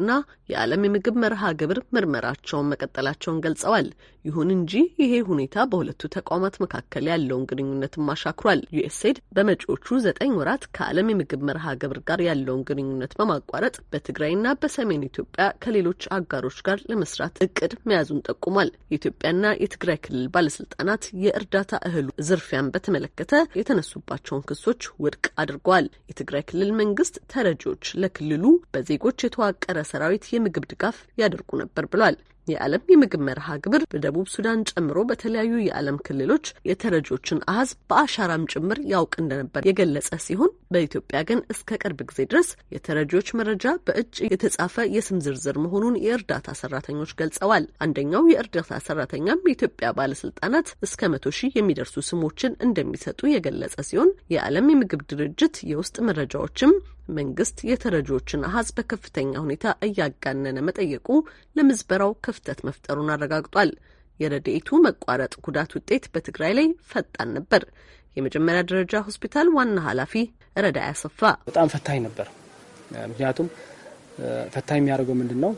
እና የዓለም የምግብ መርሃ ግብር ምርመራቸውን መቀጠላቸውን ገልጸዋል። ይሁን እንጂ ይሄ ሁኔታ በሁለቱ ተቋማት መካከል ያለውን ግንኙነትም አሻክሯል። ዩኤስኤድ በመጪዎቹ ዘጠኝ ወራት ከዓለም የምግብ መርሃ ግብር ጋር ያለውን ግንኙነት በማቋረጥ በትግራይና በሰሜን ኢትዮጵያ ከሌሎች አጋሮች ጋር ለመስራት እቅድ መያዙን ጠቁሟል። የኢትዮጵያና የትግራይ ክልል ባለስልጣናት የእርዳታ እህሉ ዝርፊያን በተመለከተ የተነሱባቸውን ክሶች ውድቅ አድርገዋል። የትግራይ ክልል መንግስት ተረጂዎች ለክልሉ በዜጎች የተዋቀረ ሰራዊት የምግብ ድጋፍ ያደርጉ ነበር ብሏል። የዓለም የምግብ መርሃ ግብር በደቡብ ሱዳን ጨምሮ በተለያዩ የዓለም ክልሎች የተረጂዎችን አሀዝ በአሻራም ጭምር ያውቅ እንደነበር የገለጸ ሲሆን በኢትዮጵያ ግን እስከ ቅርብ ጊዜ ድረስ የተረጂዎች መረጃ በእጅ የተጻፈ የስም ዝርዝር መሆኑን የእርዳታ ሰራተኞች ገልጸዋል። አንደኛው የእርዳታ ሰራተኛም የኢትዮጵያ ባለስልጣናት እስከ መቶ ሺህ የሚደርሱ ስሞችን እንደሚሰጡ የገለጸ ሲሆን የዓለም የምግብ ድርጅት የውስጥ መረጃዎችም መንግስት የተረጂዎችን አሀዝ በከፍተኛ ሁኔታ እያጋነነ መጠየቁ ለምዝበራው ክፍተት መፍጠሩን አረጋግጧል። የረድኤቱ መቋረጥ ጉዳት ውጤት በትግራይ ላይ ፈጣን ነበር። የመጀመሪያ ደረጃ ሆስፒታል ዋና ኃላፊ ረዳ ያሰፋ በጣም ፈታኝ ነበር። ምክንያቱም ፈታኝ የሚያደርገው ምንድን ነው?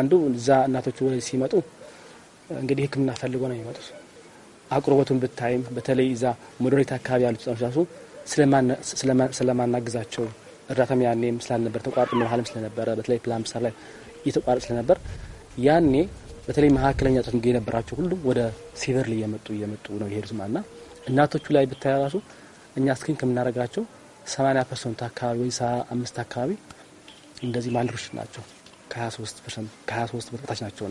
አንዱ እዛ እናቶቹ ወደዚህ ሲመጡ እንግዲህ ሕክምና ፈልጎ ነው የሚመጡት። አቅርቦቱን ብታይም በተለይ እዛ ሞዴሬት አካባቢ ያሉት ህጻኖች ስለማናግዛቸው እርዳታም ያኔም ስላልነበር ተቋርጦ መሀልም ስለነበረ በተለይ ፕላን ፕሳር ላይ እየተቋረጥ ስለነበር ያኔ በተለይ መካከለኛ ጦት ጌ የነበራቸው ሁሉም ወደ ላይ እየመጡ እየመጡ ነው የሄዱት ማለት እናቶቹ ላይ ብታይ እኛ ስክሪን ከምናደርጋቸው 80 ፐርሰንት አካባቢ ወይ ሰባ አካባቢ እንደዚህ ማልሮች ናቸው ከሀያ ከ23 ፐርሰንት ከሀያ በታች ናቸው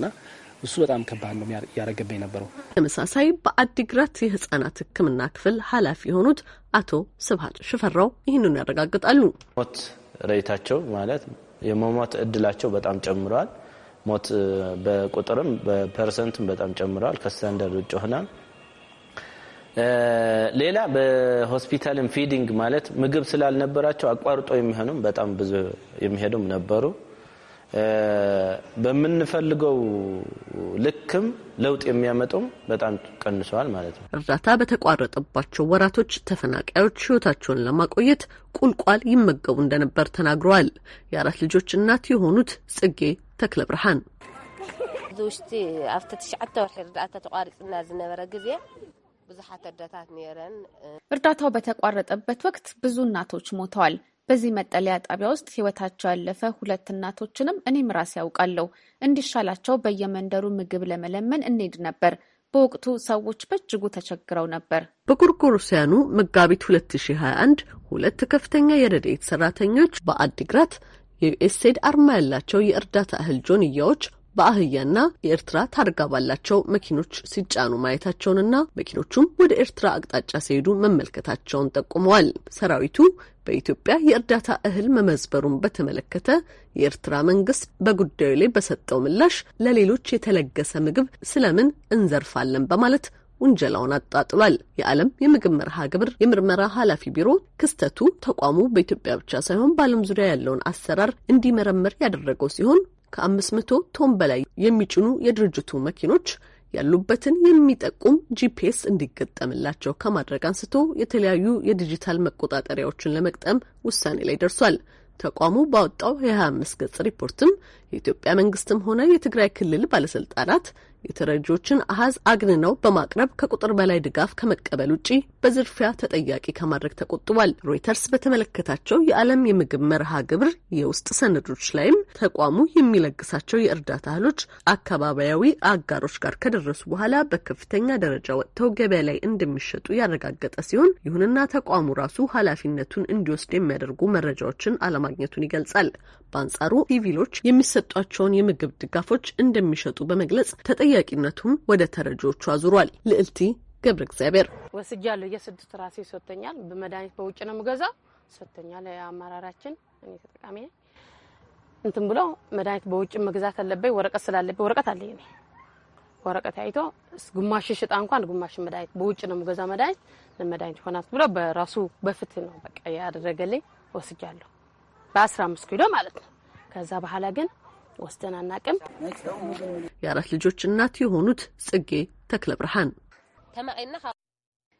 እሱ በጣም ከባድ ነው ያደረገብኝ የነበረው። ተመሳሳይ በአዲግራት የህጻናት ህክምና ክፍል ኃላፊ የሆኑት አቶ ስብሀት ሽፈራው ይህንኑ ያረጋግጣሉ። ሞት ረይታቸው ማለት የመሞት እድላቸው በጣም ጨምረዋል። ሞት በቁጥርም በፐርሰንትም በጣም ጨምረዋል። ከስታንዳርድ ውጭ ሆናል። ሌላ በሆስፒታልም ፊዲንግ ማለት ምግብ ስላልነበራቸው አቋርጦ የሚሆኑም በጣም ብዙ የሚሄዱም ነበሩ። በምንፈልገው ልክም ለውጥ የሚያመጣው በጣም ቀንሰዋል ማለት ነው። እርዳታ በተቋረጠባቸው ወራቶች ተፈናቃዮች ህይወታቸውን ለማቆየት ቁልቋል ይመገቡ እንደነበር ተናግረዋል። የአራት ልጆች እናት የሆኑት ጽጌ ተክለ ብርሃን ውሽጢ ኣብቲ ትሽዓተ ወርሒ እርዳእታ ተቋሪፅና ዝነበረ ግዜ ብዙሓት እርዳታት ነረን። እርዳታው በተቋረጠበት ወቅት ብዙ እናቶች ሞተዋል። በዚህ መጠለያ ጣቢያ ውስጥ ህይወታቸው ያለፈ ሁለት እናቶችንም እኔም ራሴ ያውቃለሁ። እንዲሻላቸው በየመንደሩ ምግብ ለመለመን እንሄድ ነበር። በወቅቱ ሰዎች በእጅጉ ተቸግረው ነበር። ሲያኑ መጋቢት 2021 ሁለት ከፍተኛ የረድኤት ሰራተኞች በአዲግራት የዩኤስኤድ አርማ ያላቸው የእርዳታ እህል ጆንያዎች በአህያና የኤርትራ ታርጋ ባላቸው መኪኖች ሲጫኑ ማየታቸውንና መኪኖቹም ወደ ኤርትራ አቅጣጫ ሲሄዱ መመልከታቸውን ጠቁመዋል። ሰራዊቱ በኢትዮጵያ የእርዳታ እህል መመዝበሩን በተመለከተ የኤርትራ መንግስት በጉዳዩ ላይ በሰጠው ምላሽ ለሌሎች የተለገሰ ምግብ ስለምን እንዘርፋለን በማለት ውንጀላውን አጣጥሏል። የዓለም የምግብ መርሃ ግብር የምርመራ ኃላፊ ቢሮ ክስተቱ ተቋሙ በኢትዮጵያ ብቻ ሳይሆን በዓለም ዙሪያ ያለውን አሰራር እንዲመረምር ያደረገው ሲሆን ከአምስት መቶ ቶን በላይ የሚጭኑ የድርጅቱ መኪኖች ያሉበትን የሚጠቁም ጂፒኤስ እንዲገጠምላቸው ከማድረግ አንስቶ የተለያዩ የዲጂታል መቆጣጠሪያዎችን ለመቅጠም ውሳኔ ላይ ደርሷል። ተቋሙ ባወጣው የ25 ገጽ ሪፖርትም የኢትዮጵያ መንግስትም ሆነ የትግራይ ክልል ባለስልጣናት የተረጂዎችን አሀዝ አግንነው በማቅረብ ከቁጥር በላይ ድጋፍ ከመቀበል ውጪ በዝርፊያ ተጠያቂ ከማድረግ ተቆጥቧል። ሮይተርስ በተመለከታቸው የዓለም የምግብ መርሃ ግብር የውስጥ ሰነዶች ላይም ተቋሙ የሚለግሳቸው የእርዳታ እህሎች አካባቢያዊ አጋሮች ጋር ከደረሱ በኋላ በከፍተኛ ደረጃ ወጥተው ገበያ ላይ እንደሚሸጡ ያረጋገጠ ሲሆን ይሁንና ተቋሙ ራሱ ኃላፊነቱን እንዲወስድ የሚያደርጉ መረጃዎችን አለማግኘቱን ይገልጻል። በአንጻሩ ሲቪሎች የሚሰጧቸውን የምግብ ድጋፎች እንደሚሸጡ በመግለጽ ተጠ ጠያቂነቱም ወደ ተረጂዎቹ አዙሯል። ልዕልቲ ገብረ እግዚአብሔር ወስጃለሁ። የስድስት ራሴ ሰጥተኛል። በመድኃኒት በውጭ ነው የምገዛው ሰጥተኛል። አመራራችን እኔ ተጠቃሚ ነኝ። እንትን ብሎ መድኃኒት በውጭ መግዛት አለብኝ ወረቀት ስላለብኝ ወረቀት አለኝ እኔ ወረቀት አይቶ ግማሽ ሽጣ እንኳን ግማሽ መድኃኒት በውጭ ነው የምገዛው መድኃኒት ለመድኃኒት ሆናት ብሎ በራሱ በፍትህ ነው በቃ ያደረገልኝ። ወስጃለሁ በአስራ አምስት ኪሎ ማለት ነው። ከዛ በኋላ ግን ወስደን አናቅም። የአራት ልጆች እናት የሆኑት ጽጌ ተክለ ብርሃን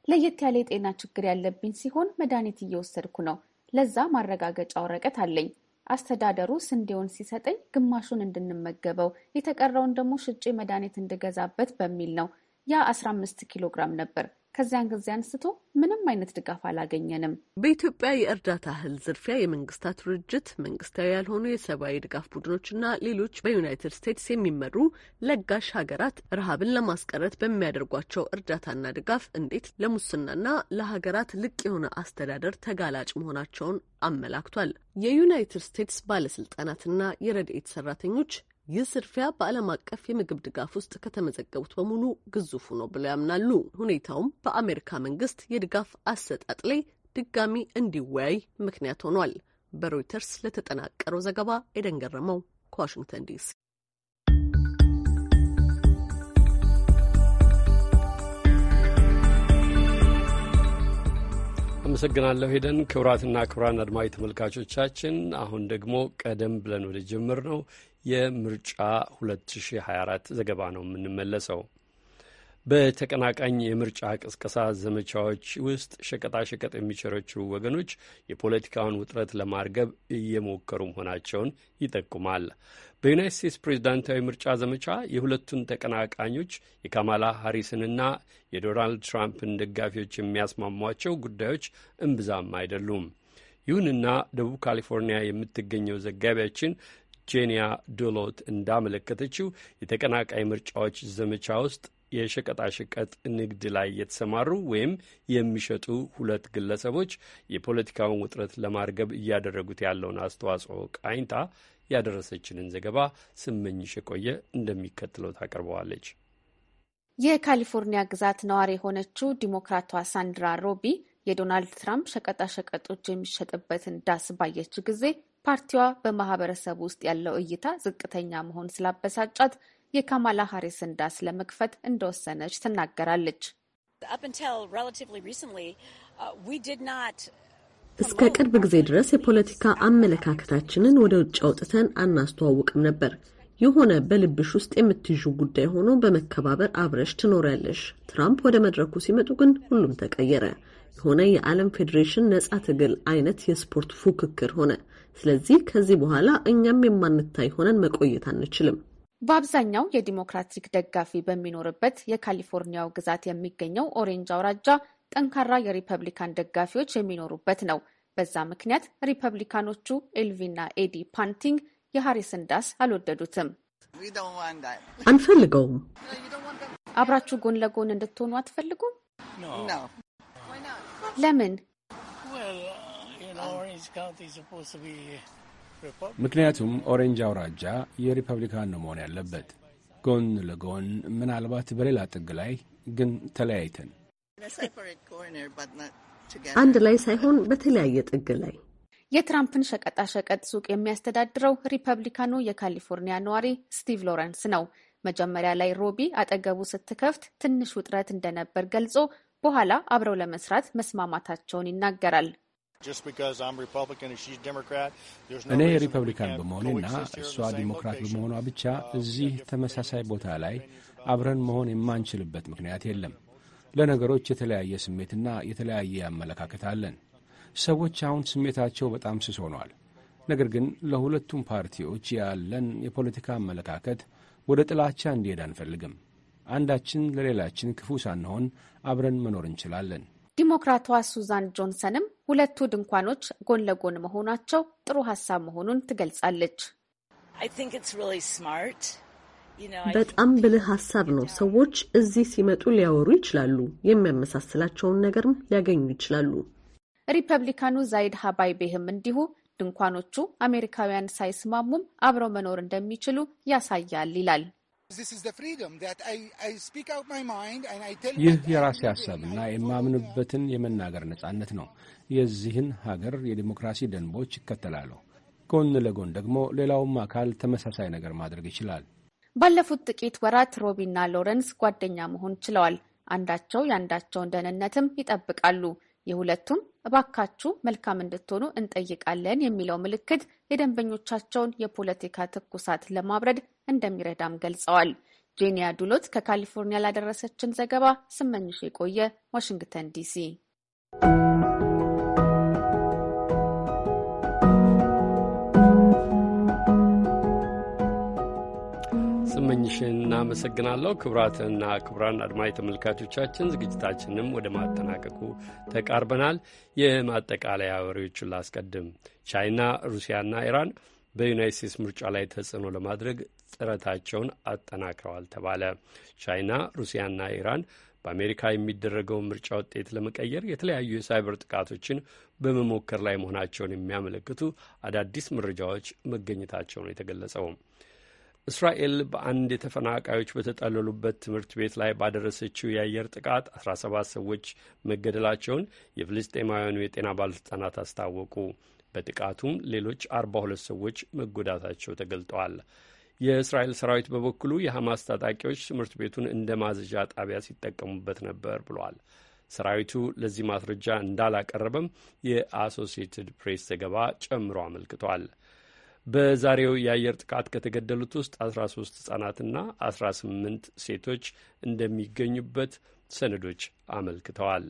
ለየት ያለ የጤና ችግር ያለብኝ ሲሆን መድኃኒት እየወሰድኩ ነው። ለዛ ማረጋገጫ ወረቀት አለኝ። አስተዳደሩ ስንዴውን ሲሰጠኝ ግማሹን እንድንመገበው የተቀረውን ደግሞ ሽጬ መድኃኒት እንድገዛበት በሚል ነው። ያ 15 ኪሎ ግራም ነበር። ከዚያን ጊዜ አንስቶ ምንም አይነት ድጋፍ አላገኘንም። በኢትዮጵያ የእርዳታ እህል ዝርፊያ የመንግስታት ድርጅት፣ መንግስታዊ ያልሆኑ የሰብአዊ ድጋፍ ቡድኖችና ሌሎች በዩናይትድ ስቴትስ የሚመሩ ለጋሽ ሀገራት ረሃብን ለማስቀረት በሚያደርጓቸው እርዳታና ድጋፍ እንዴት ለሙስናና ለሀገራት ልቅ የሆነ አስተዳደር ተጋላጭ መሆናቸውን አመላክቷል። የዩናይትድ ስቴትስ ባለስልጣናትና የረድኤት ሰራተኞች ይህ ስርፊያ በዓለም አቀፍ የምግብ ድጋፍ ውስጥ ከተመዘገቡት በሙሉ ግዙፉ ነው ብለው ያምናሉ። ሁኔታውም በአሜሪካ መንግስት የድጋፍ አሰጣጥ ላይ ድጋሚ እንዲወያይ ምክንያት ሆኗል። በሮይተርስ ለተጠናቀረው ዘገባ ኤደን ገረመው ከዋሽንግተን ዲሲ። አመሰግናለሁ ሄደን። ክቡራትና ክቡራን አድማዊ ተመልካቾቻችን አሁን ደግሞ ቀደም ብለን ወደ ጀምር ነው የምርጫ 2024 ዘገባ ነው የምንመለሰው። በተቀናቃኝ የምርጫ ቅስቀሳ ዘመቻዎች ውስጥ ሸቀጣሸቀጥ የሚቸረችሩ ወገኖች የፖለቲካውን ውጥረት ለማርገብ እየሞከሩ መሆናቸውን ይጠቁማል። በዩናይት ስቴትስ ፕሬዚዳንታዊ ምርጫ ዘመቻ የሁለቱን ተቀናቃኞች የካማላ ሃሪስንና የዶናልድ ትራምፕን ደጋፊዎች የሚያስማሟቸው ጉዳዮች እምብዛም አይደሉም። ይሁንና ደቡብ ካሊፎርኒያ የምትገኘው ዘጋቢያችን ጄኒያ ዶሎት እንዳመለከተችው የተቀናቃይ ምርጫዎች ዘመቻ ውስጥ የሸቀጣሸቀጥ ንግድ ላይ የተሰማሩ ወይም የሚሸጡ ሁለት ግለሰቦች የፖለቲካውን ውጥረት ለማርገብ እያደረጉት ያለውን አስተዋጽኦ ቃኝታ ያደረሰችንን ዘገባ ስመኝሽ የቆየ እንደሚከትለው ታቀርበዋለች። የካሊፎርኒያ ግዛት ነዋሪ የሆነችው ዲሞክራቷ ሳንድራ ሮቢ የዶናልድ ትራምፕ ሸቀጣሸቀጦች የሚሸጥበትን ዳስ ባየች ጊዜ ፓርቲዋ በማህበረሰብ ውስጥ ያለው እይታ ዝቅተኛ መሆን ስላበሳጫት የካማላ ሀሪስን ዳስ ለመክፈት እንደወሰነች ትናገራለች። uh, እስከ ቅርብ ጊዜ ድረስ የፖለቲካ አመለካከታችንን ወደ ውጭ አውጥተን አናስተዋውቅም ነበር። የሆነ በልብሽ ውስጥ የምትይዡ ጉዳይ ሆኖ በመከባበር አብረሽ ትኖሪያለሽ። ትራምፕ ወደ መድረኩ ሲመጡ ግን ሁሉም ተቀየረ። የሆነ የዓለም ፌዴሬሽን ነጻ ትግል አይነት የስፖርት ፉክክር ሆነ። ስለዚህ ከዚህ በኋላ እኛም የማንታይ ሆነን መቆየት አንችልም። በአብዛኛው የዲሞክራቲክ ደጋፊ በሚኖርበት የካሊፎርኒያው ግዛት የሚገኘው ኦሬንጅ አውራጃ ጠንካራ የሪፐብሊካን ደጋፊዎች የሚኖሩበት ነው። በዛ ምክንያት ሪፐብሊካኖቹ ኤልቪና ኤዲ ፓንቲንግ የሃሪስን ዳስ አልወደዱትም። አንፈልገውም። አብራችሁ ጎን ለጎን እንድትሆኑ አትፈልጉም? ለምን? ምክንያቱም ኦሬንጅ አውራጃ የሪፐብሊካን ነው መሆን ያለበት። ጎን ለጎን ምናልባት በሌላ ጥግ ላይ ግን ተለያይተን አንድ ላይ ሳይሆን በተለያየ ጥግ ላይ የትራምፕን ሸቀጣሸቀጥ ሱቅ የሚያስተዳድረው ሪፐብሊካኑ የካሊፎርኒያ ነዋሪ ስቲቭ ሎረንስ ነው። መጀመሪያ ላይ ሮቢ አጠገቡ ስትከፍት ትንሽ ውጥረት እንደነበር ገልጾ በኋላ አብረው ለመስራት መስማማታቸውን ይናገራል። እኔ ሪፐብሊካን በመሆኔና እሷ ዲሞክራት በመሆኗ ብቻ uh, እዚህ ተመሳሳይ ቦታ ላይ አብረን መሆን የማንችልበት ምክንያት የለም። ለነገሮች የተለያየ ስሜትና የተለያየ አመለካከት አለን። ሰዎች አሁን ስሜታቸው በጣም ስስ ሆኗል። ነገር ግን ለሁለቱም ፓርቲዎች ያለን የፖለቲካ አመለካከት ወደ ጥላቻ እንዲሄድ አንፈልግም። አንዳችን ለሌላችን ክፉ ሳንሆን አብረን መኖር እንችላለን። ዲሞክራቷ ሱዛን ጆንሰንም ሁለቱ ድንኳኖች ጎን ለጎን መሆናቸው ጥሩ ሀሳብ መሆኑን ትገልጻለች። በጣም ብልህ ሀሳብ ነው። ሰዎች እዚህ ሲመጡ ሊያወሩ ይችላሉ፣ የሚያመሳስላቸውን ነገርም ሊያገኙ ይችላሉ። ሪፐብሊካኑ ዛይድ ሀባይ ቤህም እንዲሁ ድንኳኖቹ አሜሪካውያን ሳይስማሙም አብረው መኖር እንደሚችሉ ያሳያል ይላል። ይህ የራሴ ሀሳብና የማምንበትን የመናገር ነጻነት ነው። የዚህን ሀገር የዲሞክራሲ ደንቦች ይከተላሉ። ጎን ለጎን ደግሞ ሌላውም አካል ተመሳሳይ ነገር ማድረግ ይችላል። ባለፉት ጥቂት ወራት ሮቢና ሎረንስ ጓደኛ መሆን ችለዋል። አንዳቸው የአንዳቸውን ደህንነትም ይጠብቃሉ። የሁለቱም እባካችሁ መልካም እንድትሆኑ እንጠይቃለን የሚለው ምልክት የደንበኞቻቸውን የፖለቲካ ትኩሳት ለማብረድ እንደሚረዳም ገልጸዋል። ጄኒያ ዱሎት ከካሊፎርኒያ ላደረሰችን ዘገባ ስመኝሽ የቆየ ዋሽንግተን ዲሲ። ስመኝሽን እናመሰግናለሁ። ክቡራትና ክቡራን አድማጭ ተመልካቾቻችን ዝግጅታችንም ወደ ማጠናቀቁ ተቃርበናል። የማጠቃለያ ወሬዎቹን ላስቀድም። ቻይና፣ ሩሲያና ኢራን በዩናይት ስቴትስ ምርጫ ላይ ተጽዕኖ ለማድረግ ጥረታቸውን አጠናክረዋል ተባለ። ቻይና፣ ሩሲያና ኢራን በአሜሪካ የሚደረገውን ምርጫ ውጤት ለመቀየር የተለያዩ የሳይበር ጥቃቶችን በመሞከር ላይ መሆናቸውን የሚያመለክቱ አዳዲስ መረጃዎች መገኘታቸው ነው የተገለጸው። እስራኤል በአንድ የተፈናቃዮች በተጠለሉበት ትምህርት ቤት ላይ ባደረሰችው የአየር ጥቃት 17 ሰዎች መገደላቸውን የፍልስጤማውያኑ የጤና ባለሥልጣናት አስታወቁ። በጥቃቱም ሌሎች 42 ሰዎች መጎዳታቸው ተገልጠዋል። የእስራኤል ሰራዊት በበኩሉ የሐማስ ታጣቂዎች ትምህርት ቤቱን እንደ ማዘዣ ጣቢያ ሲጠቀሙበት ነበር ብሏል። ሰራዊቱ ለዚህ ማስረጃ እንዳላቀረበም የአሶሲየትድ ፕሬስ ዘገባ ጨምሮ አመልክቷል። በዛሬው የአየር ጥቃት ከተገደሉት ውስጥ 13 ህጻናትና 18 ሴቶች እንደሚገኙበት ሰነዶች አመልክተዋል።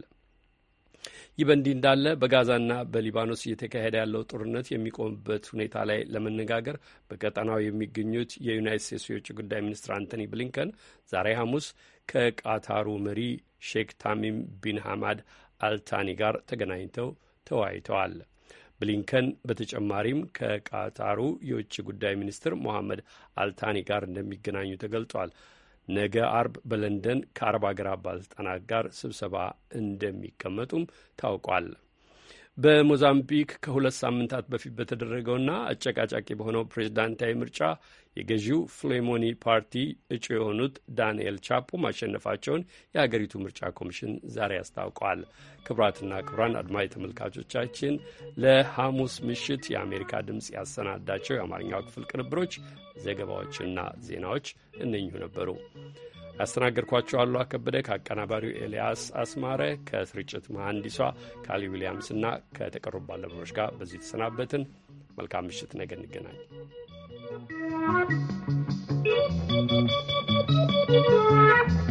ይህ በእንዲህ እንዳለ በጋዛና በሊባኖስ እየተካሄደ ያለው ጦርነት የሚቆምበት ሁኔታ ላይ ለመነጋገር በቀጠናው የሚገኙት የዩናይት ስቴትስ የውጭ ጉዳይ ሚኒስትር አንቶኒ ብሊንከን ዛሬ ሐሙስ ከቃታሩ መሪ ሼክ ታሚም ቢን ሐማድ አልታኒ ጋር ተገናኝተው ተወያይተዋል። ብሊንከን በተጨማሪም ከቃታሩ የውጭ ጉዳይ ሚኒስትር ሞሐመድ አልታኒ ጋር እንደሚገናኙ ተገልጧል። ነገ አርብ በለንደን ከአረብ ሀገራት ባለስልጣናት ጋር ስብሰባ እንደሚቀመጡም ታውቋል። በሞዛምቢክ ከሁለት ሳምንታት በፊት በተደረገውና አጨቃጫቂ በሆነው ፕሬዝዳንታዊ ምርጫ የገዢው ፍሌሞኒ ፓርቲ እጩ የሆኑት ዳንኤል ቻፖ ማሸነፋቸውን የሀገሪቱ ምርጫ ኮሚሽን ዛሬ አስታውቋል። ክቡራትና ክቡራን አድማጭ ተመልካቾቻችን ለሐሙስ ምሽት የአሜሪካ ድምፅ ያሰናዳቸው የአማርኛው ክፍል ቅንብሮች፣ ዘገባዎችና ዜናዎች እነኚሁ ነበሩ። ያስተናገድኳችኋለሁ ከበደ ከአቀናባሪው ኤልያስ አስማረ ከስርጭት መሐንዲሷ ካሊ ዊልያምስ እና ከተቀሩ ባልደረቦች ጋር በዚህ ተሰናበትን። መልካም ምሽት፣ ነገ እንገናኝ።